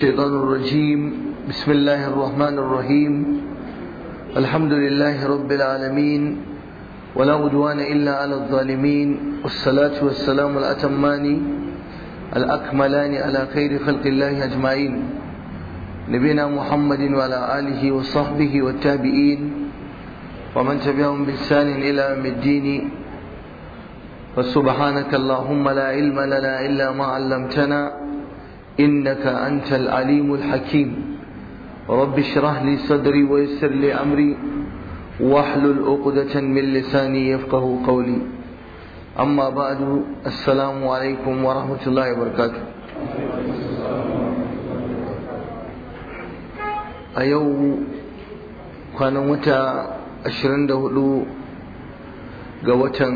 الشيطان الرجيم بسم الله الرحمن الرحيم الحمد لله رب العالمين ولا عدوان إلا على الظالمين والصلاة والسلام الأتمان الأكملان على خير خلق الله أجمعين نبينا محمد وعلى آله وصحبه والتابعين ومن تبعهم بإحسان إلى يوم الدين وسبحانك اللهم لا علم لنا إلا ما علمتنا إنك أنت العليم الحكيم رب اشرح لي صدري ويسر لي أمري واحلل عقدة من لساني يفقه قولي أما بعد السلام عليكم ورحمة الله وبركاته أيو كان متى 24 ga watan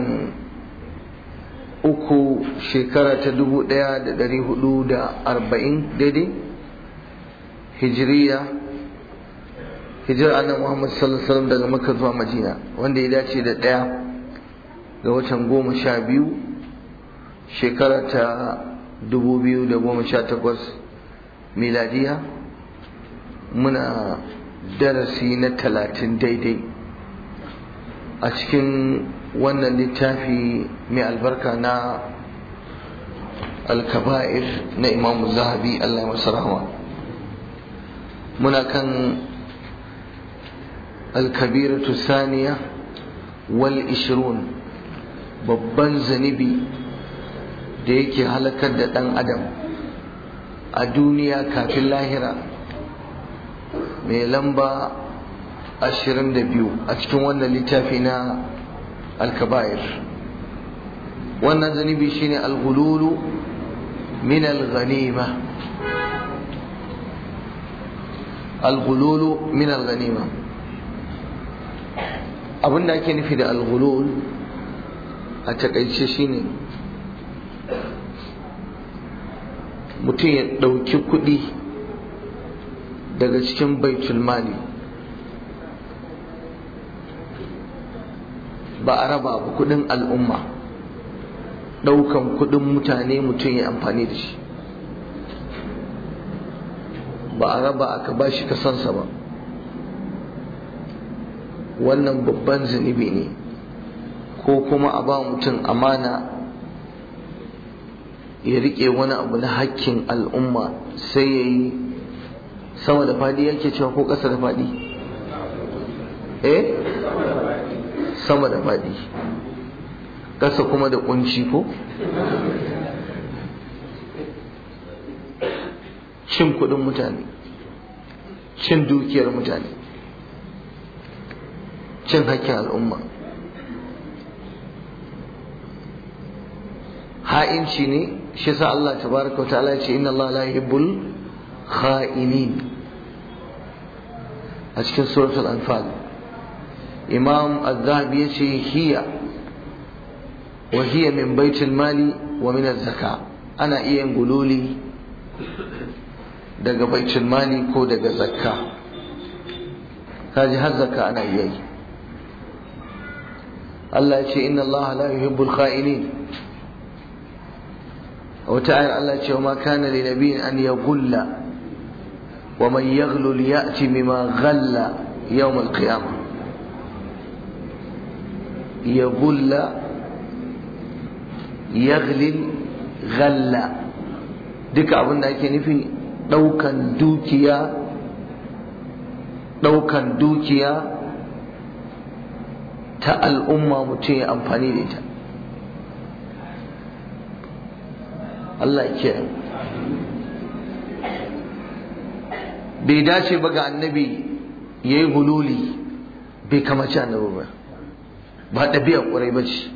uku shekara ta dubu ɗaya da ɗari hudu da arba'in daidai hijiriya hijira annan muhammadu sallallahu alaihi daga maka zuwa madina wanda ya dace da ɗaya ga watan goma sha biyu shekara ta dubu biyu da goma sha takwas miladiya muna darasi na talatin daidai a cikin wannan littafi mai albarka na alkaba'ir na Imam zahabi Allah masarawa muna kan alkabiratu saniya wal ishirun babban zanibi da yake halakar da ɗan adam a duniya kafin lahira mai lamba 22 a cikin wannan littafi na al wannan zunubi shine al-hululu min al-ghanima al-hululu min al-ghanima abinda ake nufi da al-hulul a takaice shine mutum ya ɗauki kuɗi daga cikin baitul mali ba a raba ba kudin al'umma daukan kudin mutane mutum ya amfani da shi ba a raba aka ba shi kasansa ba wannan babban zunubi ne ko kuma a ba mutum amana ya rike wani abu na hakkin al'umma sai ya yi sama da fadi yake cewa ko ƙasa da fadi eh sama da faɗi ƙasa kuma da ƙunci ko cin kuɗin mutane cin dukiyar mutane cin hakkin al'umma ha'inci ne shi sa Allah tabaraka ta'ala ce inna Allah la yuhibbul kha'inin a cikin suratul anfal imam az-zahabi yace hiya wa hiya min baitul mali wa min ana iya yin gululi daga baitul mali ko daga zaka, kaji har zakka ana iya yi Allah ce inna Allah la yuhibbul kha'inin wata ayar Allah ce wa ma kana li an yaghalla wa man yaghlul ya'ti bima ghalla yawm al-qiyamah يغل يغلل غلا duka abin da ake nufi ɗaukan dukiya ɗaukan dukiya ta al'umma mutum ya amfani da ita Allah ke bai dace ba ga annabi ya yi hululi bai kamaci annabi ba ba ɗabi'a ƙwarai ba ce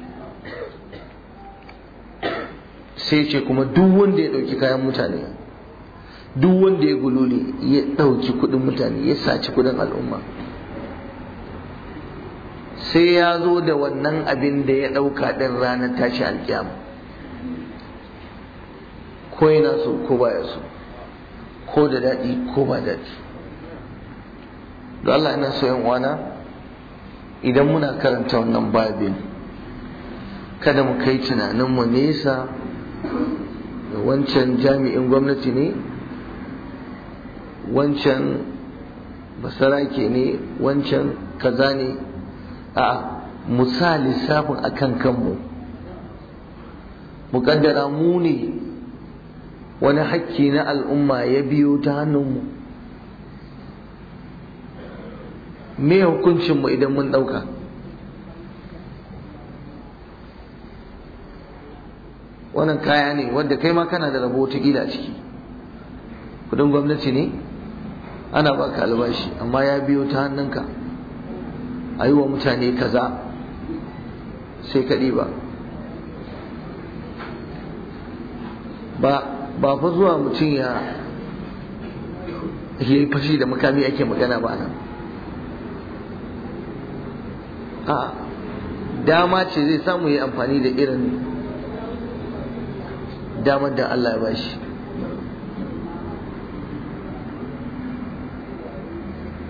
sai ce kuma duk wanda ya ɗauki kayan mutane duk wanda ya ne ya ɗauki kuɗin mutane ya saci kuɗin al'umma sai ya zo da wannan abin da ya ɗauka ɗin ranar tashi alƙiyama ko yana so ko ba ya so ko da daɗi ko ba daɗi don Allah yana so yan uwana idan muna karanta wannan babin kada mu kai tunaninmu nesa da wancan jami'in gwamnati ne wancan basarake ne wancan kaza ne a misali lissafin akan kanmu muƙaddara mu ne wani hakki na al'umma ya biyo ta hannunmu me hukuncin mu idan mun dauka wannan kaya ne wanda kai ma kana da rabo ta gida ciki kudin gwamnati ne ana baka albashi amma ya biyo ta hannunka a yi wa mutane kaza sai ka ba ba fa zuwa mutum ya yi fashi da makami ake magana ba nan a dama ce zai samu yi amfani da irin damar da Allah ya bashi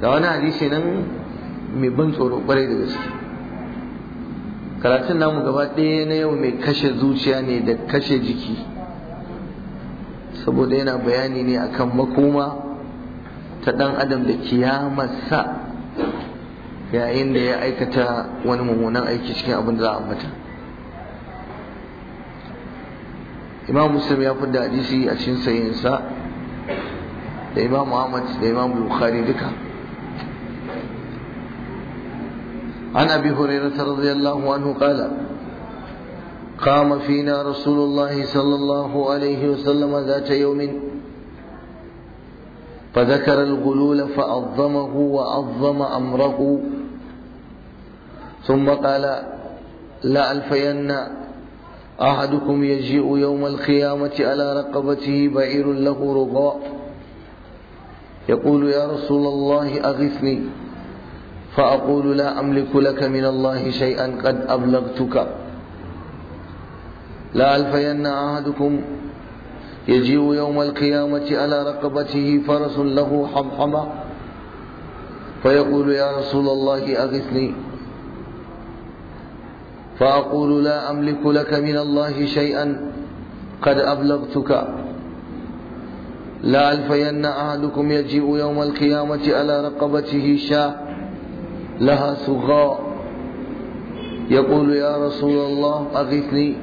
da wani hadisi nan mai ban tsoro kwarai da gaske karatun namu gaba ɗaya na yau mai kashe zuciya ne da kashe jiki saboda yana bayani ne akan makoma ta ɗan adam da kiyamarsa yayin da ya aikata wani mummunan aiki cikin abin da za a ambata imam muslim ya fi hadisi a cikin sayinsa da imam muhammad da imam bukhari duka عن أبي هريرة رضي الله عنه قال قام فينا رسول الله صلى الله عليه وسلم ذات يوم فذكر الغلول فعظمه وعظم أمره ثم قال لألفين أحدكم يجيء يوم القيامة على رقبته بعير له رضاء يقول يا رسول الله أغثني فأقول لا أملك لك من الله شيئا قد أبلغتك لا ألفين أحدكم يجيء يوم القيامة على رقبته فرس له حمحمة فيقول يا رسول الله أغثني فأقول لا أملك لك من الله شيئا قد أبلغتك لا ألفين أحدكم يجيء يوم القيامة على رقبته شاء لها سغاء يقول يا رسول الله أغثني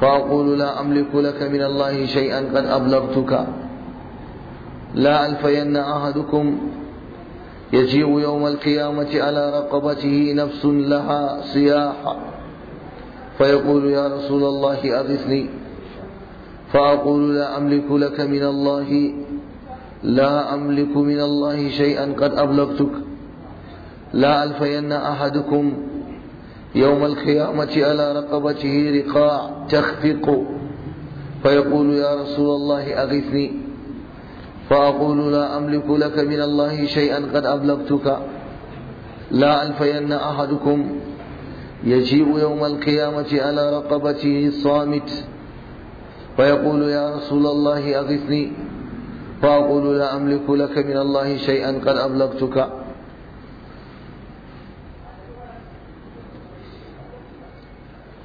فأقول لا أملك لك من الله شيئا قد أبلغتك لا ألفين أحدكم يجيء يوم القيامة على رقبته نفس لها صياح فيقول يا رسول الله أغثني فأقول لا أملك لك من الله لا أملك من الله شيئا قد أبلغتك لا ألفين أحدكم يوم القيامة على رقبته رقاع تخفق فيقول يا رسول الله أغثني فأقول لا أملك لك من الله شيئا قد أبلغتك لا ألفين أحدكم يجيء يوم القيامة على رقبته الصامت فيقول يا رسول الله أغثني فأقول لا أملك لك من الله شيئا قد أبلغتك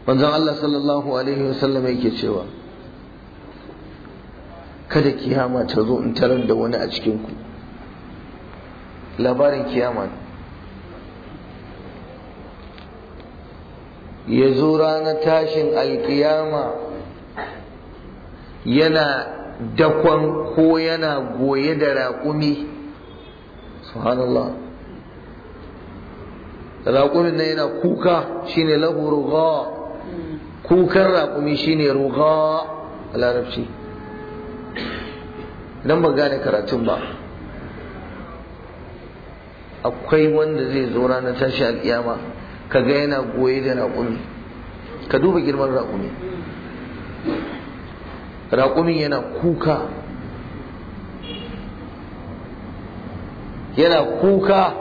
Wanzan Allah sallallahu alaihi wasallam yake cewa kada kiyama ta zo in tarar da wani a cikinku, labarin kiyama ya zo ranar tashin alkiyama yana dakon ko yana goye da raƙumi subhanallah raƙumin na yana kuka shine lahu ruga kukan raƙumi shine ruga a larabci don ba gane karatun ba akwai wanda zai zo ranar tashin alƙiyama ka ga yana goye da raƙumi ka duba girman raƙumi Raƙumi yana kuka yana kuka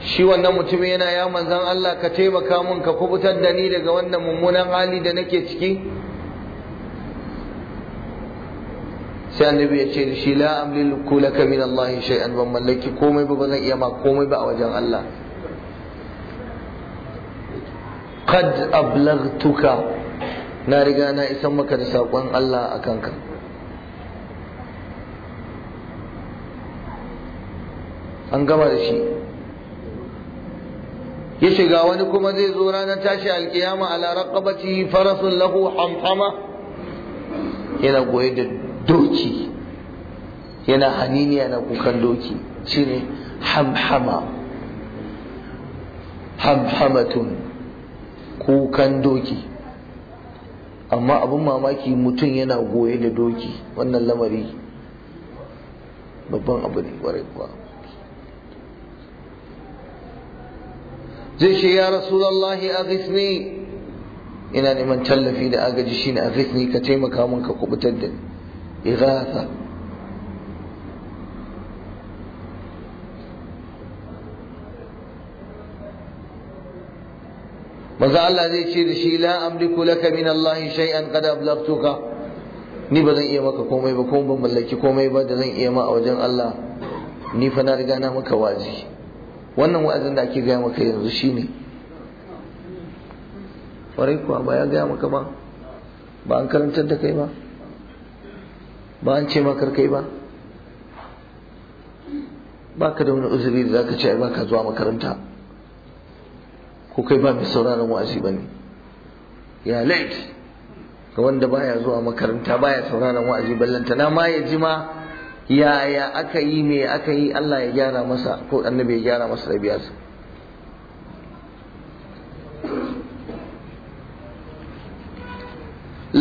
shi wannan mutumin yana ya manzan Allah ka taimaka mun ka kubutar da ni daga wannan mummunan hali da nake ciki sai annabi ya ce shi la amliku laka min Allah shay'an ban mallaki komai ba zan iya ma komai ba a wajen Allah qad ablaghtuka na riga na isan maka da sakon Allah a kanka an gama da shi ya shiga wani kuma zai zo ranar tashi alkiyama ala raqabati farasun lahu hamhama yana goye da doki yana haniniya na kukan doki shine hamhama hamhamatun kukan doki amma abin mamaki mutum yana goye da doki wannan lamari babban abu ne ƙwarai kuwa zai ce ya rasulallahi a gisni ina neman tallafi da agaji shine a gisni ka taimaka mun ka kubutar da ni إغاثة maza Allah zai ce da shi la amliku laka min Allah shay'an qad ablagtuka ni ba zan iya maka komai ba kuma ban mallaki komai ba da zan iya ma a wajen Allah ni fa na riga na maka wazi wannan wa'azin da ake gaya maka yanzu shine ba ya gaya maka ba ba an karantar da kai ba ba an ce ma karkai ba Ba ka da wani uzuri da za ka ce ba ka zuwa makaranta ko kai ba mai sauraron wa'azi ba ne. ya laifi ga wanda baya zuwa makaranta baya sauraron wa'azi ballanta na ma ya ji ma yaya aka yi me aka yi Allah ya gyara masa ko annabi ya gyara masa rabiyarsa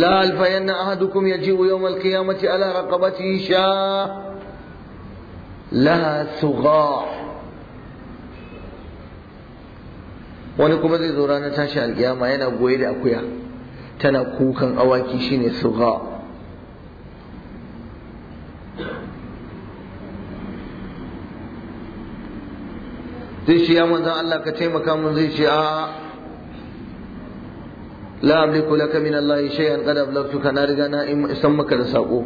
لا ألفين أحدكم يجيء يوم القيامة على رقبته شاء لها سغاء wani kuma zai zo ranar tashi alkiyama yana goye da akuya tana kukan awaki shine suga zai shi ya manzan Allah ka taimaka mun zai shi a la amliku laka min Allah shay'an qad ablaghtuka na riga na isan maka da sako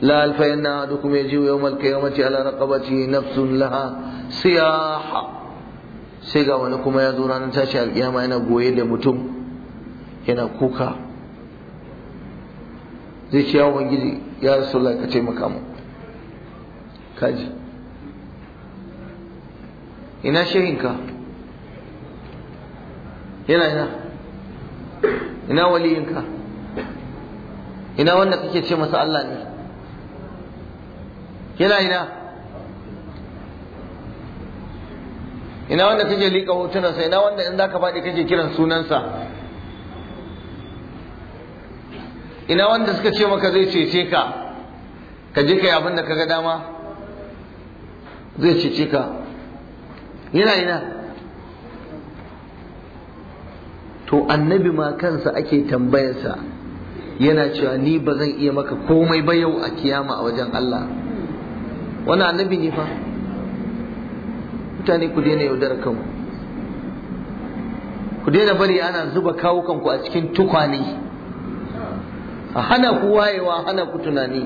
la alfayna adukum yaji yawm alqiyamati ala raqabati nafsun laha siyaha sai ga wani kuma ya zo ranar tashi alqiyama yana goye da mutum yana kuka zai ce ya ubangiji ya rasulullahi ka taimaka mu kaji ina shehinka yana yana ina waliyinka ina wanda kake ce masa Allah ne Kina ina ina wanda kake liƙa hotunansa ina wanda in zaka faɗi kake kiran sunansa ina wanda suka ce maka zai cece ka ka je kai abin da ka ga dama zai cece ka ina ina to annabi ma kansa ake tambayarsa yana cewa ni ba zan iya maka komai ba yau a kiyama a wajen Allah wani annabi ne fa mutane ku daina yaudar kanku ku daina bari ana zuba kawukan ku a cikin tukwane a hana ku wayewa hana ku tunani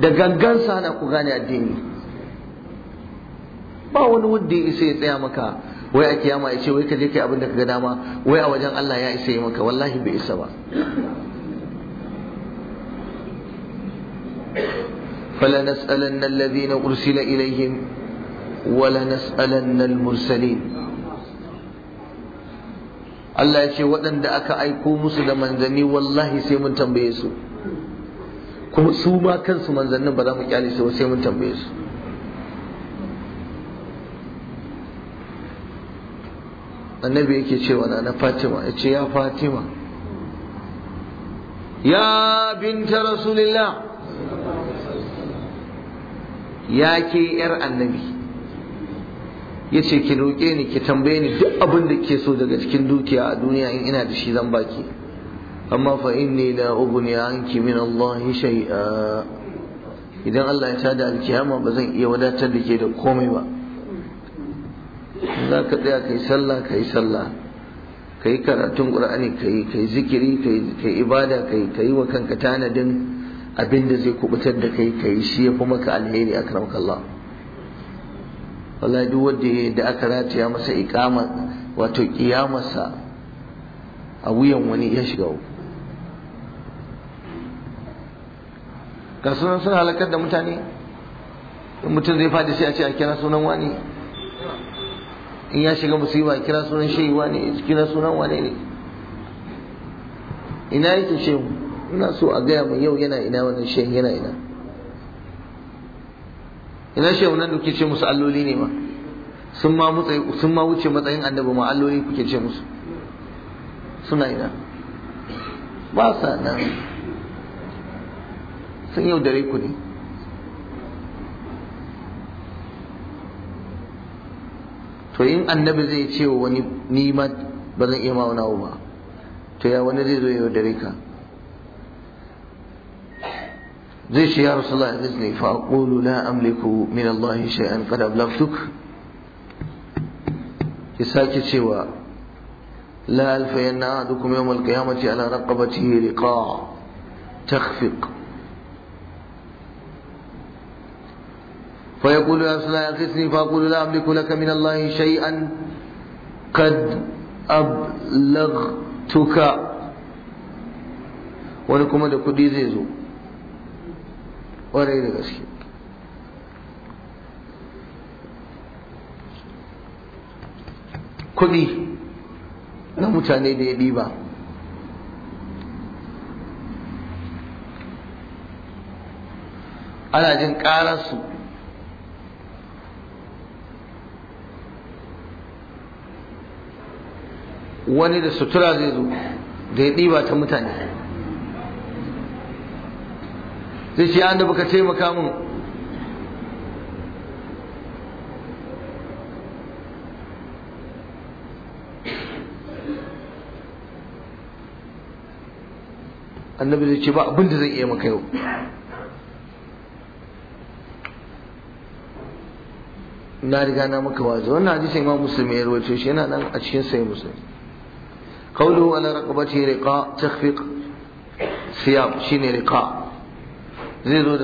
da gangan sa hana ku gane addini ba wani wanda ya isa ya tsaya maka wai a kiyama ya ce wai ka je kai abin da ka ga dama wai a wajen Allah ya isa yi maka wallahi bai isa ba فلنسألن الذين أرسل إليهم ولنسألن المرسلين Allah ya ce waɗanda aka aiko musu da manzanni wallahi sai mun tambaye su kuma su ma kansu manzannin ba za mu kyale su sai mun tambaye su annabi yake cewa na na fatima ya ce ya fatima ya binta rasulillah ya ke yar annabi ya ce ki roƙe ni ki tambaye ni duk abin da ke so daga cikin dukiya a duniya in ina da shi zan baki amma fa inni la ughni anki min Allah shay'a idan Allah ya tada alkiyama ba zan iya wadatar da ke da komai ba za ka tsaya ka yi sallah ka yi sallah ka yi karatun ƙur'ani ka yi ka yi zikiri ka yi ibada ka yi wa kanka tanadin abin da zai kubutar da kai ka yi shi ya fi maka alheri a karamka Allah wallahi duk wanda ya da aka ya masa iqama wato kiyamarsa a wuyan wani ya shiga uku sunan suna halakar da mutane mutum zai fadi sai a ce a kira sunan wani in ya shiga musiba kira sunan shehu wane kira sunan wane ne ina yake shehu ina so a gaya mai yau yana ina wannan shehu yana ina ina shehu nan duke ce musu alloli ne ma sun ma sun ma wuce matsayin annabi ma alloli kuke ce musu suna ina ba sa nan sun dare ku ne to in annabi zai ce wa wani ni ma ba zan iya ma wani ba to ya wani zai zo ya dare ka zai ce ya rasulullah izni fa aqulu la amliku min Allah shay'an qad ablaghtuk ya sake cewa la alfayanna ahadukum yawm al-qiyamati ala raqabatihi riqa takhfiq فيقول يا رسول الله أغثني فأقول لا أملك لك من الله شيئا قد أبلغتك ولكم هذا كدي زيزو ورأي لك kuɗi na mutane da ya ɗiba ana jin ƙararsu wani da sutura zai zo da ya ɗiba ta mutane zai ce an da baka taimaka mun annabi zai ce ba abin da zai iya maka yau na riga na maka wazo wannan hadisin imam muslim ya rawaito shi yana nan a cikin sai muslim قوله على رقبته رقاء تخفق ثياب شيني رقاء زي ذو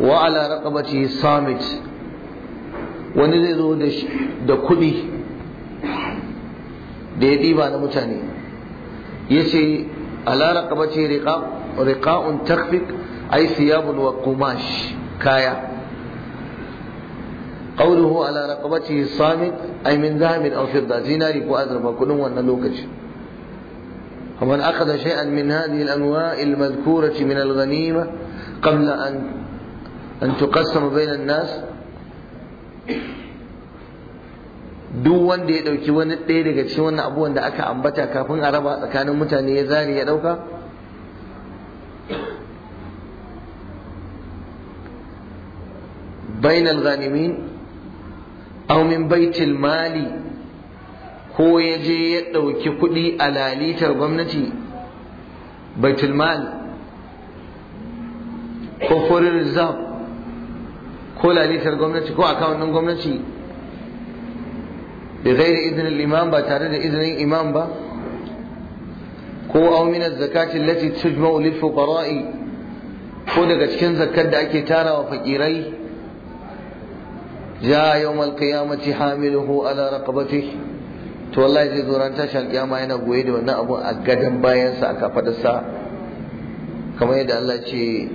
وعلى رقبته صامت wani zai zo da kuɗi da ya ɗiba na mutane ya ce alara kaba ce ai siyabun wa kaya qawluhu ala raqabatihi samit ay min zahabin aw zinari ko azurfa kuɗin wannan lokaci ومن أخذ شيئا من هذه الأنواع المذكورة من الغنيمة قبل أن أن تقسم بين الناس duk wanda ya ɗauki wani ɗaya daga cikin wannan abubuwan da aka ambata kafin a raba tsakanin mutane ya zari ya ɗauka bainal ghanimin aw min mali ko ya je ya kuɗi a lalitar gwamnati baitul mal ko foreign ko lalitar gwamnati ko akawunan gwamnati da gairi izinin imam ba tare da izinin imam ba ko auminar zakatin lati tujma'u lil fuqara'i ko daga cikin zakar da ake wa fakirai جاء يوم القيامة حامله على رقبته to wallahi zai zo ran tashin kiyama yana goye da wannan abun a gadan aka a sa. kamar yadda Allah ce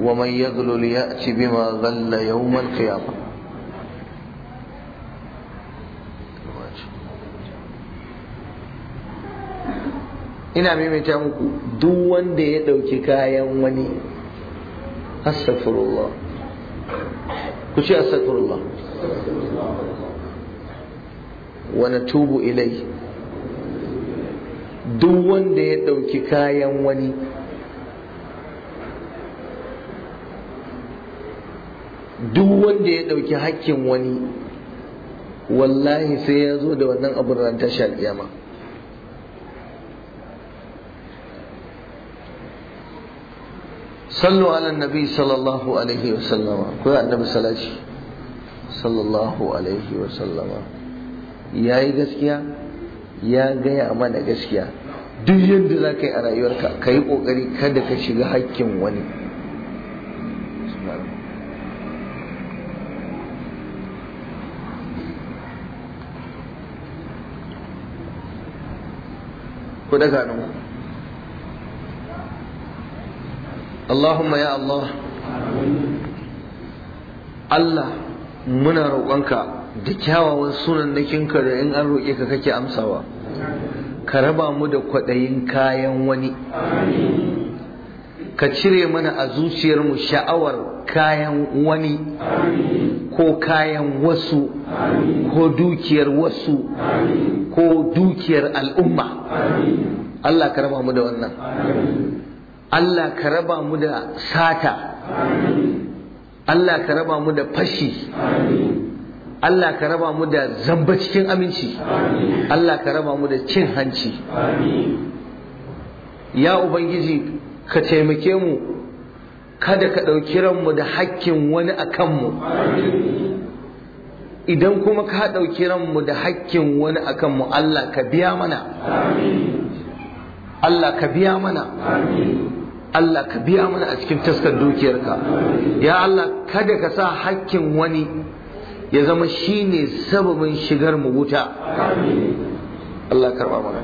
wa man yaghlul ya'ti bima ghalla yawmal qiyama ina maimaita muku duk wanda ya dauki kayan wani astaghfirullah ku ce astaghfirullah ونتوب إليه duk wanda ya ɗauki kayan wani duk wanda ya ɗauki hakkin wani wallahi sai ya zo da wannan abin ran tashar yama. sallu ala nabi sallallahu alaihi wasallama ko annabi salati sallallahu alaihi sallama, ya yi gaskiya ya gaya mana gaskiya duk yadda za ka yi a rayuwarka ka yi ƙoƙari kada ka shiga hakkin wani ku daga Allahumma ya Allah Allah muna roƙonka da kyawawan sunan kinka da in an roƙe ka kake amsawa ka raba mu da kwaɗayin kayan wani ka cire mana a zuciyarmu sha'awar kayan wani ko kayan wasu ko dukiyar wasu ko dukiyar al'umma Allah ka raba mu da wannan Allah ka raba mu da sata Allah ka raba mu da fashi Allah ka raba mu da zamba cikin aminci Allah ka raba mu da cin hanci ya ubangiji ka taimake mu kada ka ɗauki ranmu da hakkin wani a kanmu idan kuma ka ɗauki ranmu da hakkin wani a kanmu Allah ka biya mana Allah ka biya mana Allah ka biya mana a cikin taskar dukiyarka ya Allah kada ka sa hakkin wani ya zama shi ne sababin shigar mu wuta Allah karba mana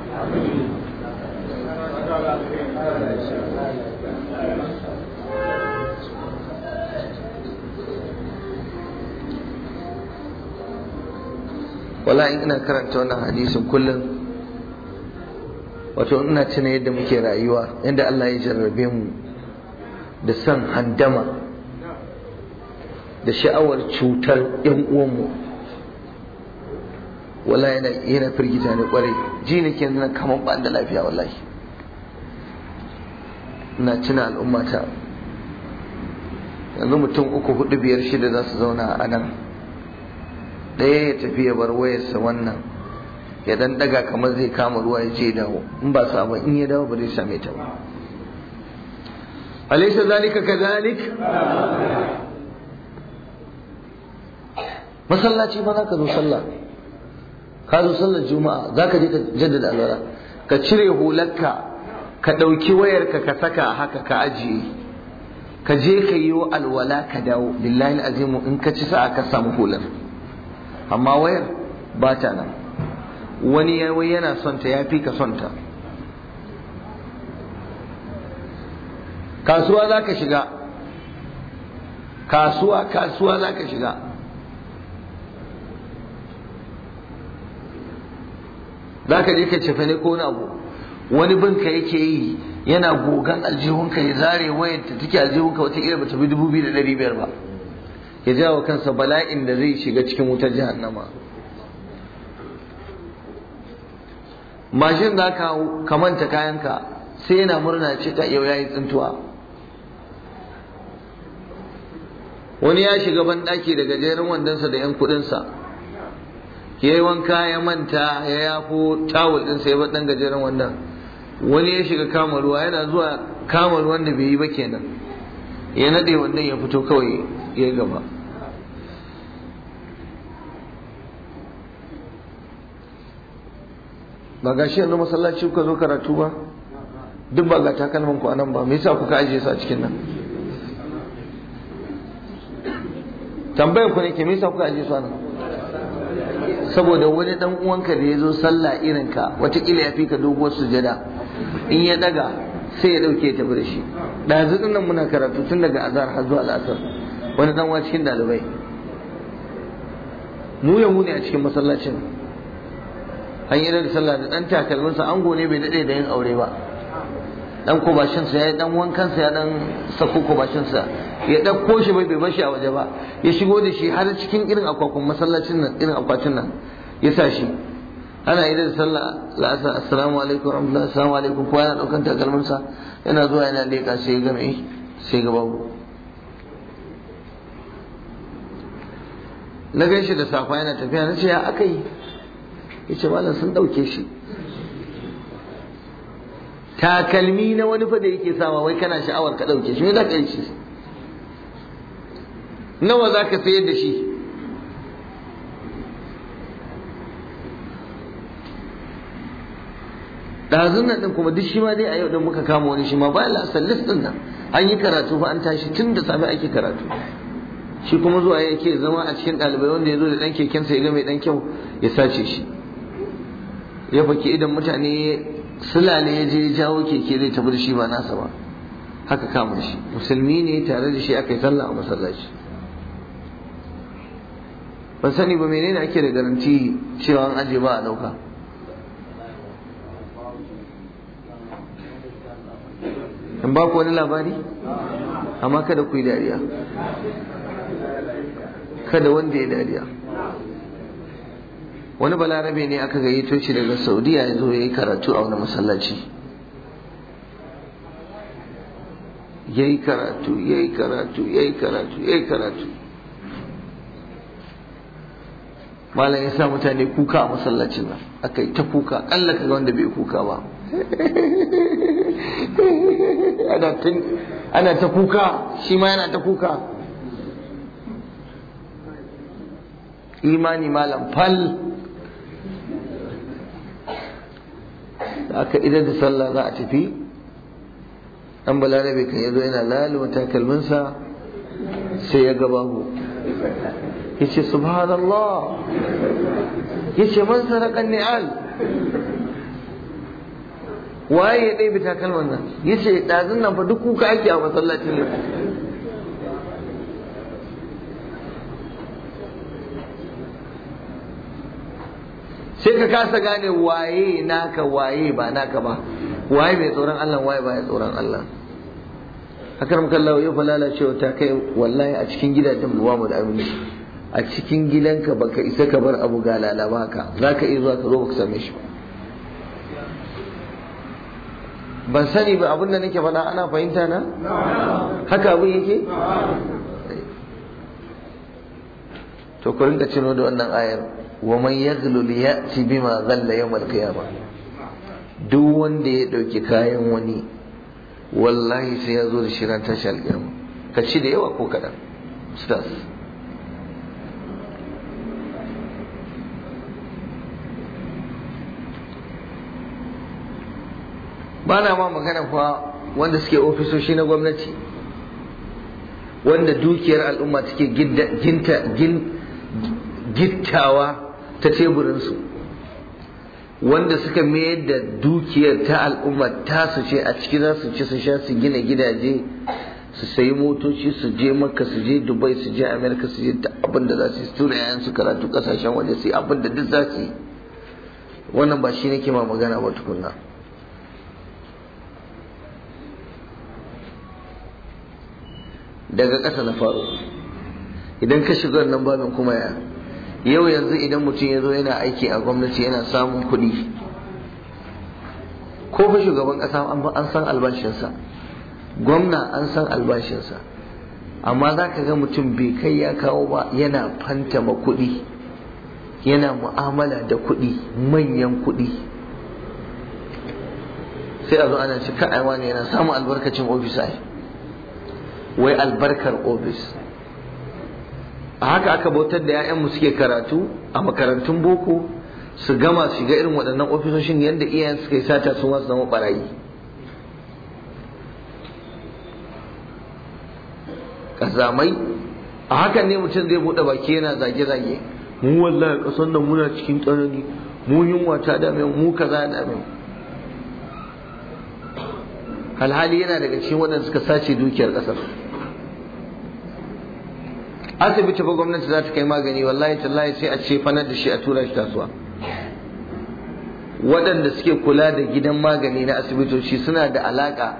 wala in ina karanta wannan hadisin kullum wato ina tuna yadda muke rayuwa yadda Allah ya jarrabe mu da san handama da sha'awar cutar yan uwanmu wala yana yana firgita ne kwarai ji nake ke nan kaman ba da lafiya wallahi ina tuna al'ummata yanzu mutum uku hudu biyar shida za su zauna a nan ɗaya ya tafi ya bar wayarsa wannan ya dan daga kamar zai kama ruwa ya ce dawo in ba sa ba in ya dawo ba zai same ta ba alaysa zalika kadhalik masallaci ba za ka zo sallah ka zo sallar juma'a za ka je ka jaddada alwala ka cire hularka ka ɗauki wayarka ka saka haka ka ajiye ka je ka yi wa alwala ka dawo billahi azimu in ka ci sa'a ka samu hular amma wayar ba ta nan wani yawai yana son ta fi ka son ta kasuwa za ka shiga kasuwa kasuwa za ka shiga za ka je ka cefa ne ko abu wani binka yake yi yana gogan aljihunka ya zare wayar ta take aljihunka wata ba bata bi dubu biyu da ɗari biyar ba ya jawo kansa bala'in da zai shiga cikin wutar jahannama mashin za ka ka manta kayanka sai yana murna ce ta yau yayi tsintuwa wani ya shiga ban daki da gajeren wandonsa da yan kudinsa Ke wanka ya manta ya yafo tawul din ya bar ɗan gajeren wannan? wani ya shiga kama yana zuwa kama ruwan da bai yi ba kenan ya naɗe wannan ya fito kawai ya gaba ba ga shi yanzu masallaci kuka zo karatu ba duk ba ga takalmin ku anan ba me yasa kuka aje su a cikin nan tambayar ku ne ke me yasa kuka aje su anan saboda wani dan uwanka da ya zo sallah irin ka kila ya fi ka doguwar sujada in ya daga sai ya dauke ya tafi da shi Da ɗin nan muna karatu tun daga azhar har zuwa al'asar wani dan uwa cikin ɗalibai mu yahu ne a cikin masallacin an yi da sallah da dan takalminsa ango ne bai dade da yin aure ba dan kobashinsa ya yi dan wankansa ya dan sako kobashinsa ya ɗauko shi bai bar shi a waje ba ya shigo da shi har cikin irin akwatin masallacin nan irin akwatin nan ya sa shi ana idan sallah la'asa assalamu alaikum rahmatullahi assalamu alaikum kowa yana ɗaukan takalminsa yana zuwa yana leka sai ya game sai ga babu na gaishe da safa yana tafiya na ce ya aka yi yace mallan sun dauke shi takalmi na wani fa da yake sawa wai kana sha'awar ka dauke shi me za ka yi shi nawa za ka sayar da shi ɗazun nan ɗin kuma duk shi ma dai a yau ɗin muka kama wani shi ma ba la sallis ɗin nan an yi karatu fa an tashi tun da safe ake karatu shi kuma zuwa yake zama a cikin ɗalibai wanda ya zo da ɗan kekensa ya ga mai ɗan kyau ya sace shi ya faki idan mutane sulale ya je jawo keke zai tafi da shi ba nasa ba haka kama shi musulmi ne tare da shi aka yi sallah a masallaci ban sani ba menene ake da garanti cewa an aje ba a dauka in ba ku wani labari amma kada ku yi dariya kada wanda ya dariya wani balarabe ne aka gayyato shi daga saudiya ya zo ya yi karatu a wani masallaci ya yi karatu ya yi karatu ya yi karatu ya yi karatu malam ya sa mutane kuka a masallacin nan aka yi ta kuka ƙalla kaga wanda bai kuka ba ana ta kuka shi ma yana ta kuka imani malam fal da aka idan da sallah za a tafi an balarabe kan yazo yana laluwa takalminsa sai ya gaba mu ya ce subhanallah ya ce man sarakan ni'al waye ya ɗaya takalman nan ya ce ɗazin nan fa duk kuka ake a masallacin nan sai ka kasa gane waye naka waye ba naka ba waye mai tsoron Allah waye ba ya tsoron Allah akram kallahu ya falala cewa ta kai wallahi a cikin gidajen mu mu da aminci a cikin gidanka baka isa ka bar abu ga lalaba ka zaka iya zuwa ka zo ka same shi ban sani ba abin da nake faɗa ana fahimta na haka abin yake to ku rinka cino da wannan ayar wa man yaghlul ya'ti bima ghalla yawm duk wanda ya ɗauki kayan wani wallahi sai ya zo da shirin tashar tashi al ka ci da yawa ko kaɗan. stars ba na ma magana kuwa wanda suke ofisoshi na gwamnati wanda dukiyar al'umma take gittawa ta teburinsu wanda suka mayar da dukiyar ta al'umma tasu ce a ciki za su ci su sha su gina gidaje su sayi motoci su je makka su je dubai su je amerika su je abin da za su yi tura yayan su karatu kasashen waje su yi abin da duk za su yi wannan ba shi nake ma magana ba tukunna daga ƙasa na faru idan ka shiga wannan babin kuma ya yau yanzu idan mutum ya zo yana aiki a gwamnati yana samun kuɗi ko fa shugaban ƙasa an san albashinsa gwamna an san albashinsa amma za ka ga mutum bai kai ya kawo ba yana fantama kuɗi yana mu'amala da kuɗi manyan kuɗi sai a zo ana shi kan aiwa ne yana samun albarkacin ofis ai wai albarkar ofis a haka aka bautar da 'ya'yanmu suke karatu a makarantun boko su gama su ga irin waɗannan ofisoshin yadda iyayen suka yi sata su masu zama barayi ƙazamai a hakan ne mutum zai buɗe baki yana zage-zage mu wallahi ƙasar nan muna cikin tsanani mu yunwa ta dame mu kaza dame alhali yana daga cikin waɗanda suka sace dukiyar ƙasar asibiti ba gwamnati za ta kai magani wallahi tallahi sai a ce fanar da shi a tura shi kasuwa waɗanda suke kula da gidan magani na asibitoci suna da alaka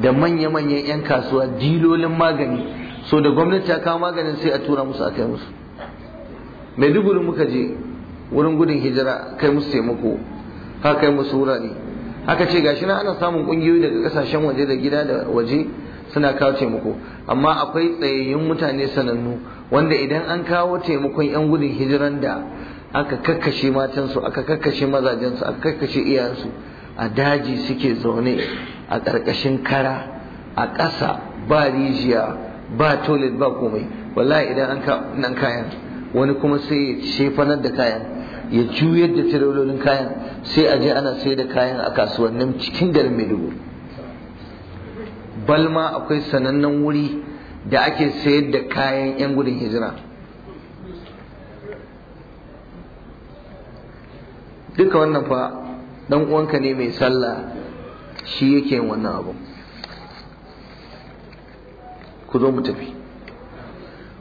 da manya-manyan 'yan kasuwa dilolin magani so da gwamnati ta kawo maganin sai a tura musu a kai musu maiduguri muka je wurin gudun hijira kai musu taimako ka kai musu wurare haka ce gashi na ana samun ƙungiyoyi daga kasashen waje da gida da waje suna kawo taimako amma akwai tsayayyun mutane sanannu wanda idan an kawo taimakon yan gudun hijiran da aka kakkashe matansu aka kakkashe mazajensu aka kakkashe iyayensu a daji suke zaune a ƙarƙashin kara a ƙasa ba rijiya ba toilet ba komai wallahi idan an nan kayan wani kuma sai ya shefanar da kayan ya juyar da tirololin kayan sai a je ana sayar da kayan a kasuwannin cikin garin maiduguri balma akwai sanannen wuri da ake sayar da kayan 'yan gudun hijira duka wannan fa dan uwanka ne mai sallah shi yake wannan abu ku zo mu tafi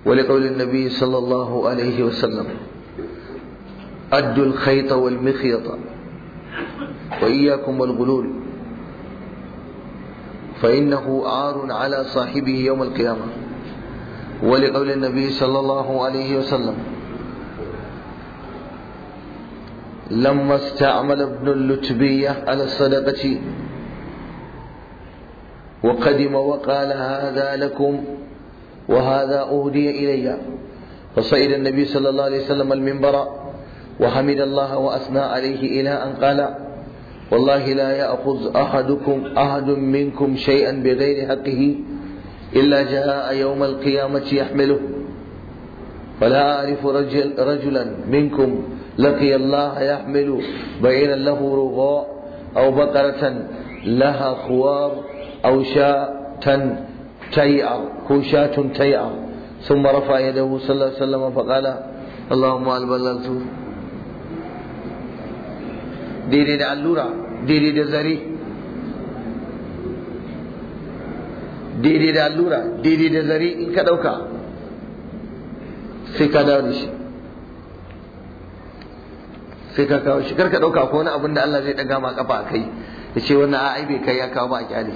wali qaulin nabi sallallahu alaihi wasallam addul khayta wal mikhyata wa iyyakum wal ghulul فإنه عار على صاحبه يوم القيامة ولقول النبي صلى الله عليه وسلم لما استعمل ابن اللتبية على الصدقة وقدم وقال هذا لكم وهذا أهدي إلي فصعد النبي صلى الله عليه وسلم المنبر وحمد الله وأثنى عليه إلى أن قال والله لا يأخذ أحدكم أحد منكم شيئا بغير حقه إلا جاء يوم القيامة يحمله ولا أعرف رجل رجلا منكم لقي الله يحمل بعيرا له رغاء أو بقرة لها خوار أو شاة تيعر كوشاة تيعر ثم رفع يده صلى الله عليه وسلم فقال اللهم بلغت daidai da allura daidai da zare daidai da allura daidai da zare in ka ɗauka sai ka dawo da shi sai ka kawo shi karka ɗauka ko wani abin da Allah zai ɗaga ma kafa a kai ya ce wannan a aibe kai ya kawo ba a kyale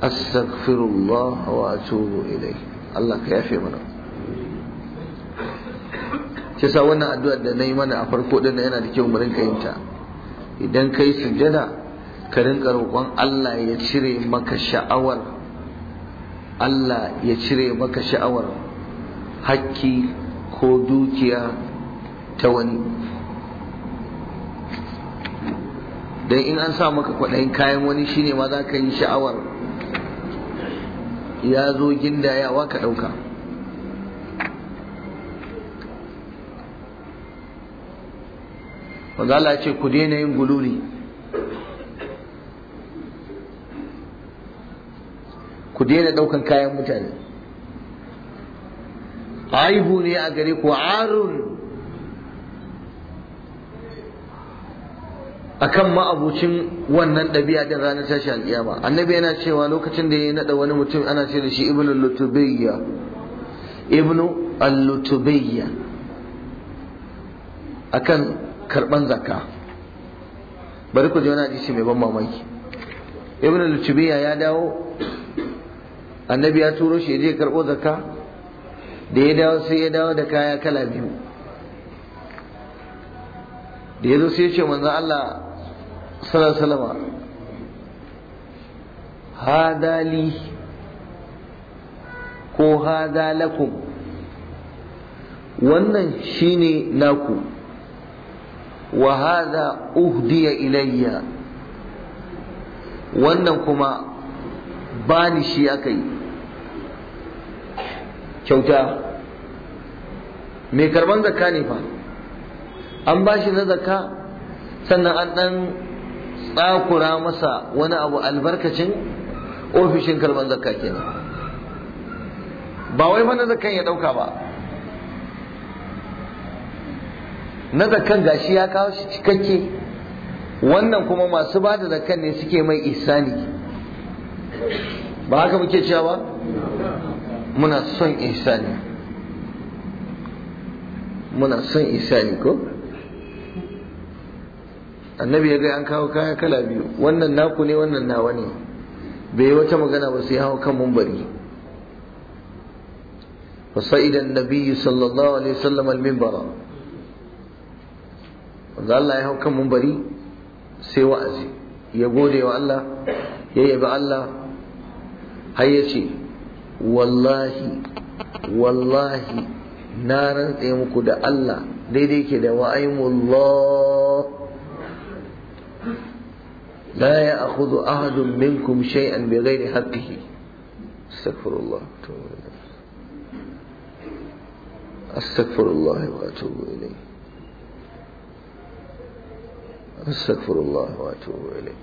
astaghfirullah wa atubu ilai Allah ka yafe mana shi sa wannan addu'ar da na yi mana a farko din yana da kyau mu rinka yin ta idan kai sujjada ka rinka roƙon Allah ya cire maka sha'awar Allah ya cire maka sha'awar hakki ko dukiya ta wani don in an sa maka kwaɗayin kayan wani shine ma za ka yi sha'awar ya zo gindayawa ka ɗauka wanda Allah ya ce ku daina yin gululi ku daina daukan kayan mutane aibu ne a gare ku arun akan ma'abucin wannan ɗabi'a din ranar tashi alƙiyama annabi yana cewa lokacin da ya naɗa wani mutum ana ce da shi ibnu lutubiyya ibnu al akan karban zakka bari ku ji wani hadisi mai ban mamaki ibn al-tubiya ya dawo annabi ya turo shi je karbo zakka da ya dawo sai ya dawo da kaya kala biyu da ya zo sai ya ce manzon Allah sallallahu alaihi wasallam hadali ko hadalakum wannan shine naku وهذا أهدي إلي wannan kuma bani shi aka kyauta mai karban zakka ne fa an ba shi na zakka sannan an ɗan tsakura masa wani abu albarkacin ofishin karban zakka kenan ba wai fa na zakkan ya ɗauka ba na zakan gashi ya kawo shi cikakke wannan kuma masu ba da zakan ne suke mai isani ba haka muke cewa ba muna son isani muna son isani ko annabi ya ga an kawo kaya kala biyu wannan naku ne wannan nawa ne bai wata magana ba sai hau kan mumbari فصعد النبي sallallahu alaihi عليه وسلم wanda Allah ya hau kan mumbari sai wa'azi ya gode wa Allah ya yabi Allah har ya ce wallahi wallahi na rantse muku da Allah daidai ke da wallah la ya akhudhu ahadun minkum shay'an da haqqihi astaghfirullah astaghfirullah wa atubu ilayhi استغفر wa واتوب اليه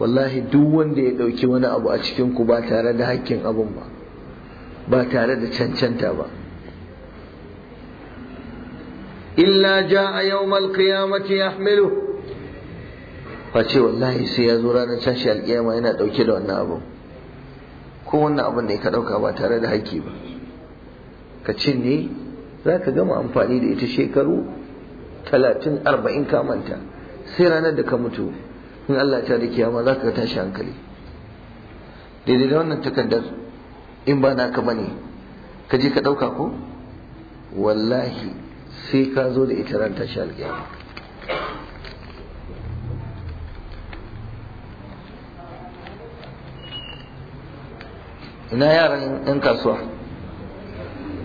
wallahi duk wanda ya dauki wani abu a cikin ku ba tare da hakkin abun ba ba tare da cancanta ba illa jaa yawmal qiyamati yahmilu face wallahi sai ya zo ranar tashi alkiyama yana dauke da wannan abu ko wannan abun ne ka dauka ba tare da hakki ba ka cinye za ka gama amfani da ita shekaru talatin arba'in ka manta sai ranar da ka mutu in Allah ta da kiyama za ka tashi hankali daidai da wannan takardar in ba ka bane ka je ka ɗauka ko wallahi sai ka zo da ita ran tashi alƙiyama ina yaran 'yan kasuwa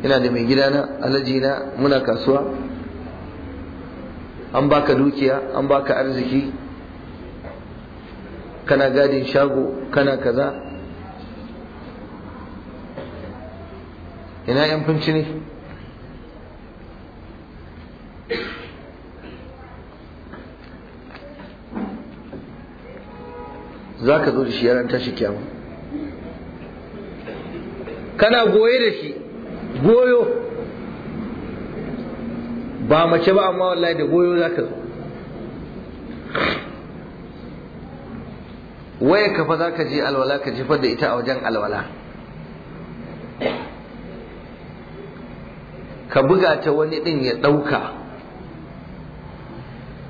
ina da mai gidana alajina muna kasuwa an baka dukiya an baka arziki kana gadin shago kana kaza ina yan funci ne za ka zo da shi yaran tashi kyamu kana goye da shi goyo ba mace ba amma wallahi da goyo za ka zo waye kafa za ka je alwala ka jefar da ita a wajen alwala ka buga ta wani ɗin ya ɗauka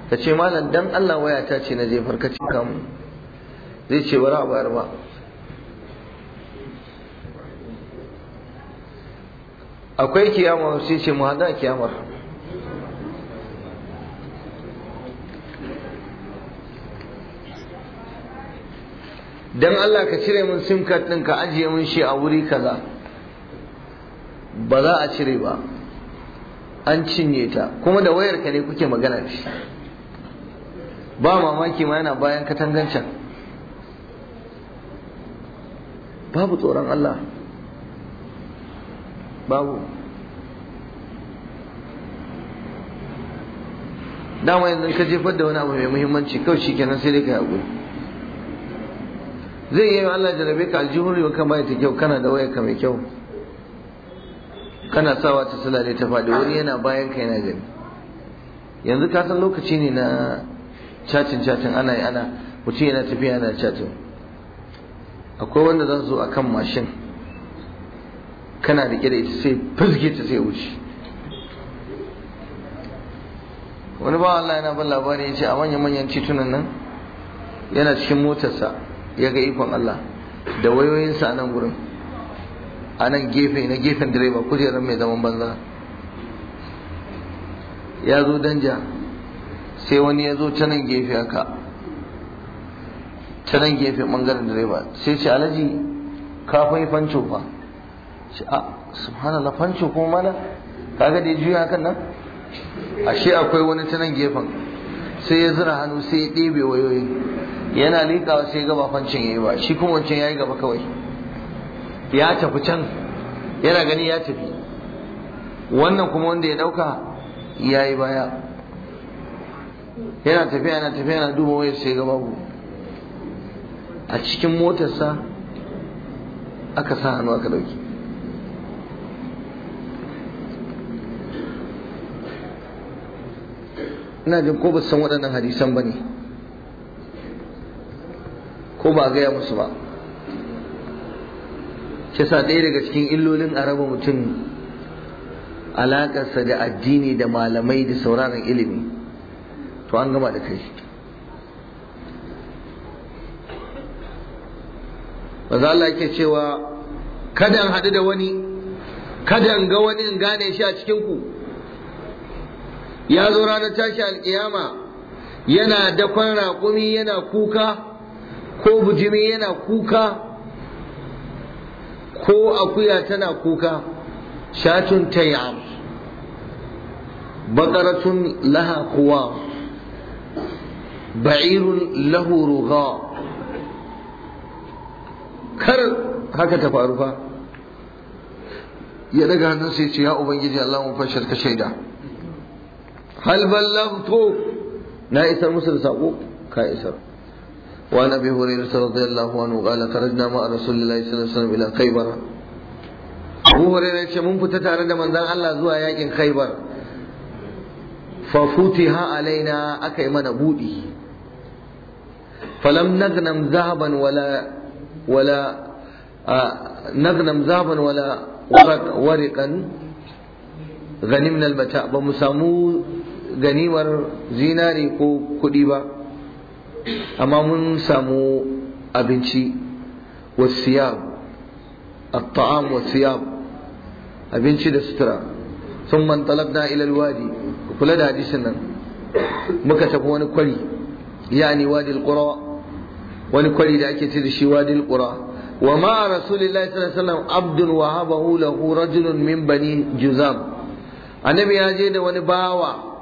ka ce malam dan Allah waya ta ce na jefar ka cika mu zai ce wara a bayar ba akwai kiyama sai ce mu hada kiyamar dan Allah ka cire min sim card din ka ajiye min shi a wuri kaza ba za a cire ba an cinye ta kuma da wayar ka ne kuke magana da shi ba mamaki ma yana bayan katangancan babu tsoron Allah babu dama yanzu ka jefar da wani abu mai muhimmanci kawai shi kenan sai dai ka yi zai yi Allah da rabe ka aljihuri wa kan ta kyau kana da wayarka mai kyau kana sawa ta sulale ta faɗi wani yana bayan ka yana gani yanzu ka san lokaci ne na cacin cacin ana yi ana mutum yana tafiya yana cacin akwai wanda zan zo a kan mashin kana da kira ita sai fizge ta sai wuce wani ba Allah yana ban labari ya ce a manyan manyan titunan nan yana cikin motarsa ya ga ikon Allah da wayoyinsa a nan gurin a nan gefe na gefen direba kujerar mai zaman banza ya zo danja sai wani ya zo ta nan gefe aka canan gefe bangaren direba sai ce alaji ka fai fanco ba shi a ah, subhanallah fanco kuma mana kaga da juya kan nan ashe akwai wani ta nan gefen sai ya zira hannu sai ya ɗebe wayoyi yana liƙawa sai ya gaba ya yi ba shi kuma wancan yi gaba kawai ya tafi can yana gani ya tafi wannan kuma wanda ya ɗauka ya yi baya yana tafiya yana tafiya yana duba wayar sai ya gaba a cikin motarsa aka sa hannu aka ɗauki ina jin ko ba san waɗannan hadisan ba ne ko ba gaya musu ba shi sa ɗaya daga cikin illolin a raba mutum alaƙarsa da addini da malamai da sauraron ilimi to an gama da kai maza Allah yake cewa kada in haɗu da wani kada in ga wani in gane shi a cikinku ya zo ranar tashi alkiyama yana dakon raƙumi yana kuka ko bujimi yana kuka ko akuya tana kuka shatun tayyam baqaratun laha kuwa ba'irun lahu kar haka ta faru fa ya daga hannunsa ya ce ya ubangiji Allah mun fashar ka shaida hal ballaghtu na isar musu da ka وعن ابي هريره رضي الله عنه قال خرجنا مع رسول الله صلى الله عليه وسلم الى خيبر abu hurairah ya ce mun fita tare da manzon Allah zuwa yakin khaibar fa futiha alaina aka mana buɗi. falam nagnam zahaban wala wala nagnam zahaban wala wariqan samu ganimar zinari ko kuɗi ba amma mun samu abinci wasiyab at-ta'am wasiyab abinci da sutura sun man talabna ila alwadi kula da hadisin nan muka tafi wani kwari yani wadi alqura wani kwari da ake ci da shi wadi alqura wa ma rasulillahi sallallahu alaihi wasallam abdul wahabahu min bani juzam annabi ya je da wani bawa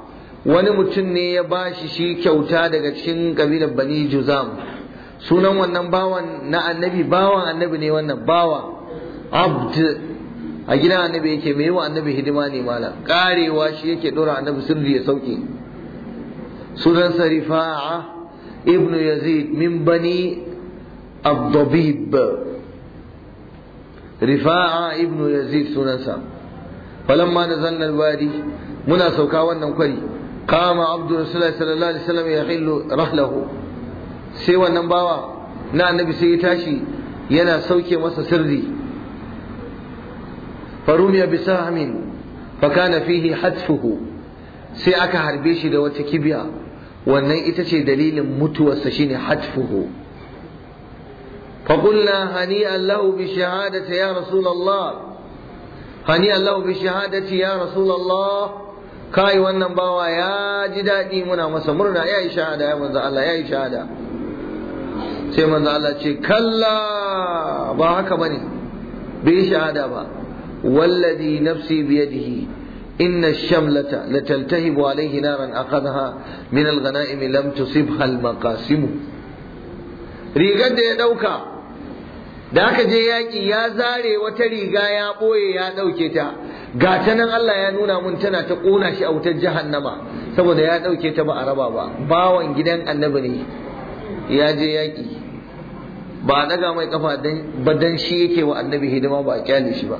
wani mutum ne ya bashi shi kyauta daga cikin kabilar bani juzam sunan wannan bawan na annabi bawan annabi ne wannan bawa abd a gidan annabi yake mai wa annabi hidima ne mala karewa shi yake dora annabi sirri ya sauke sunan sarifa'a ibnu yazid min bani abdabib rifa'a ibnu yazid sunansa falamma nazalna alwadi muna sauka wannan kwari Kama عبد رسول الله صلى الله عليه وسلم يحل رحله sai wannan bawa na annabi sai ya tashi yana sauke masa sirri farumiya bi sahamin fa kana fihi hatfuhu sai aka harbe shi da wata kibiya wannan ita ce dalilin mutuwarsa shine hatfuhu فقلنا هنيئا له بشهادة يا رسول الله هنيئا له بشهادة يا رسول الله kai wannan bawa ya ji daɗi muna masa murna ya yi shahada ya manzo Allah ya yi shahada sai manzo Allah ce kalla ba haka bane bai shahada ba wallazi nafsi biyadihi إن الشملة لتلتهب alayhi naran aqadha min alghanaim lam tusibha almaqasim rigar da ya ɗauka da aka je yaki ya zare wata riga ya ɓoye ya ɗauke ta ga ta nan Allah ya nuna mun tana ta ƙona shi a wutar jahannama saboda ya ɗauke ta ba a raba ba bawan gidan annabi ne ya je yaki, ba a ɗaga mai kafa ba dan shi yake wa annabi hidima ba a kyale shi ba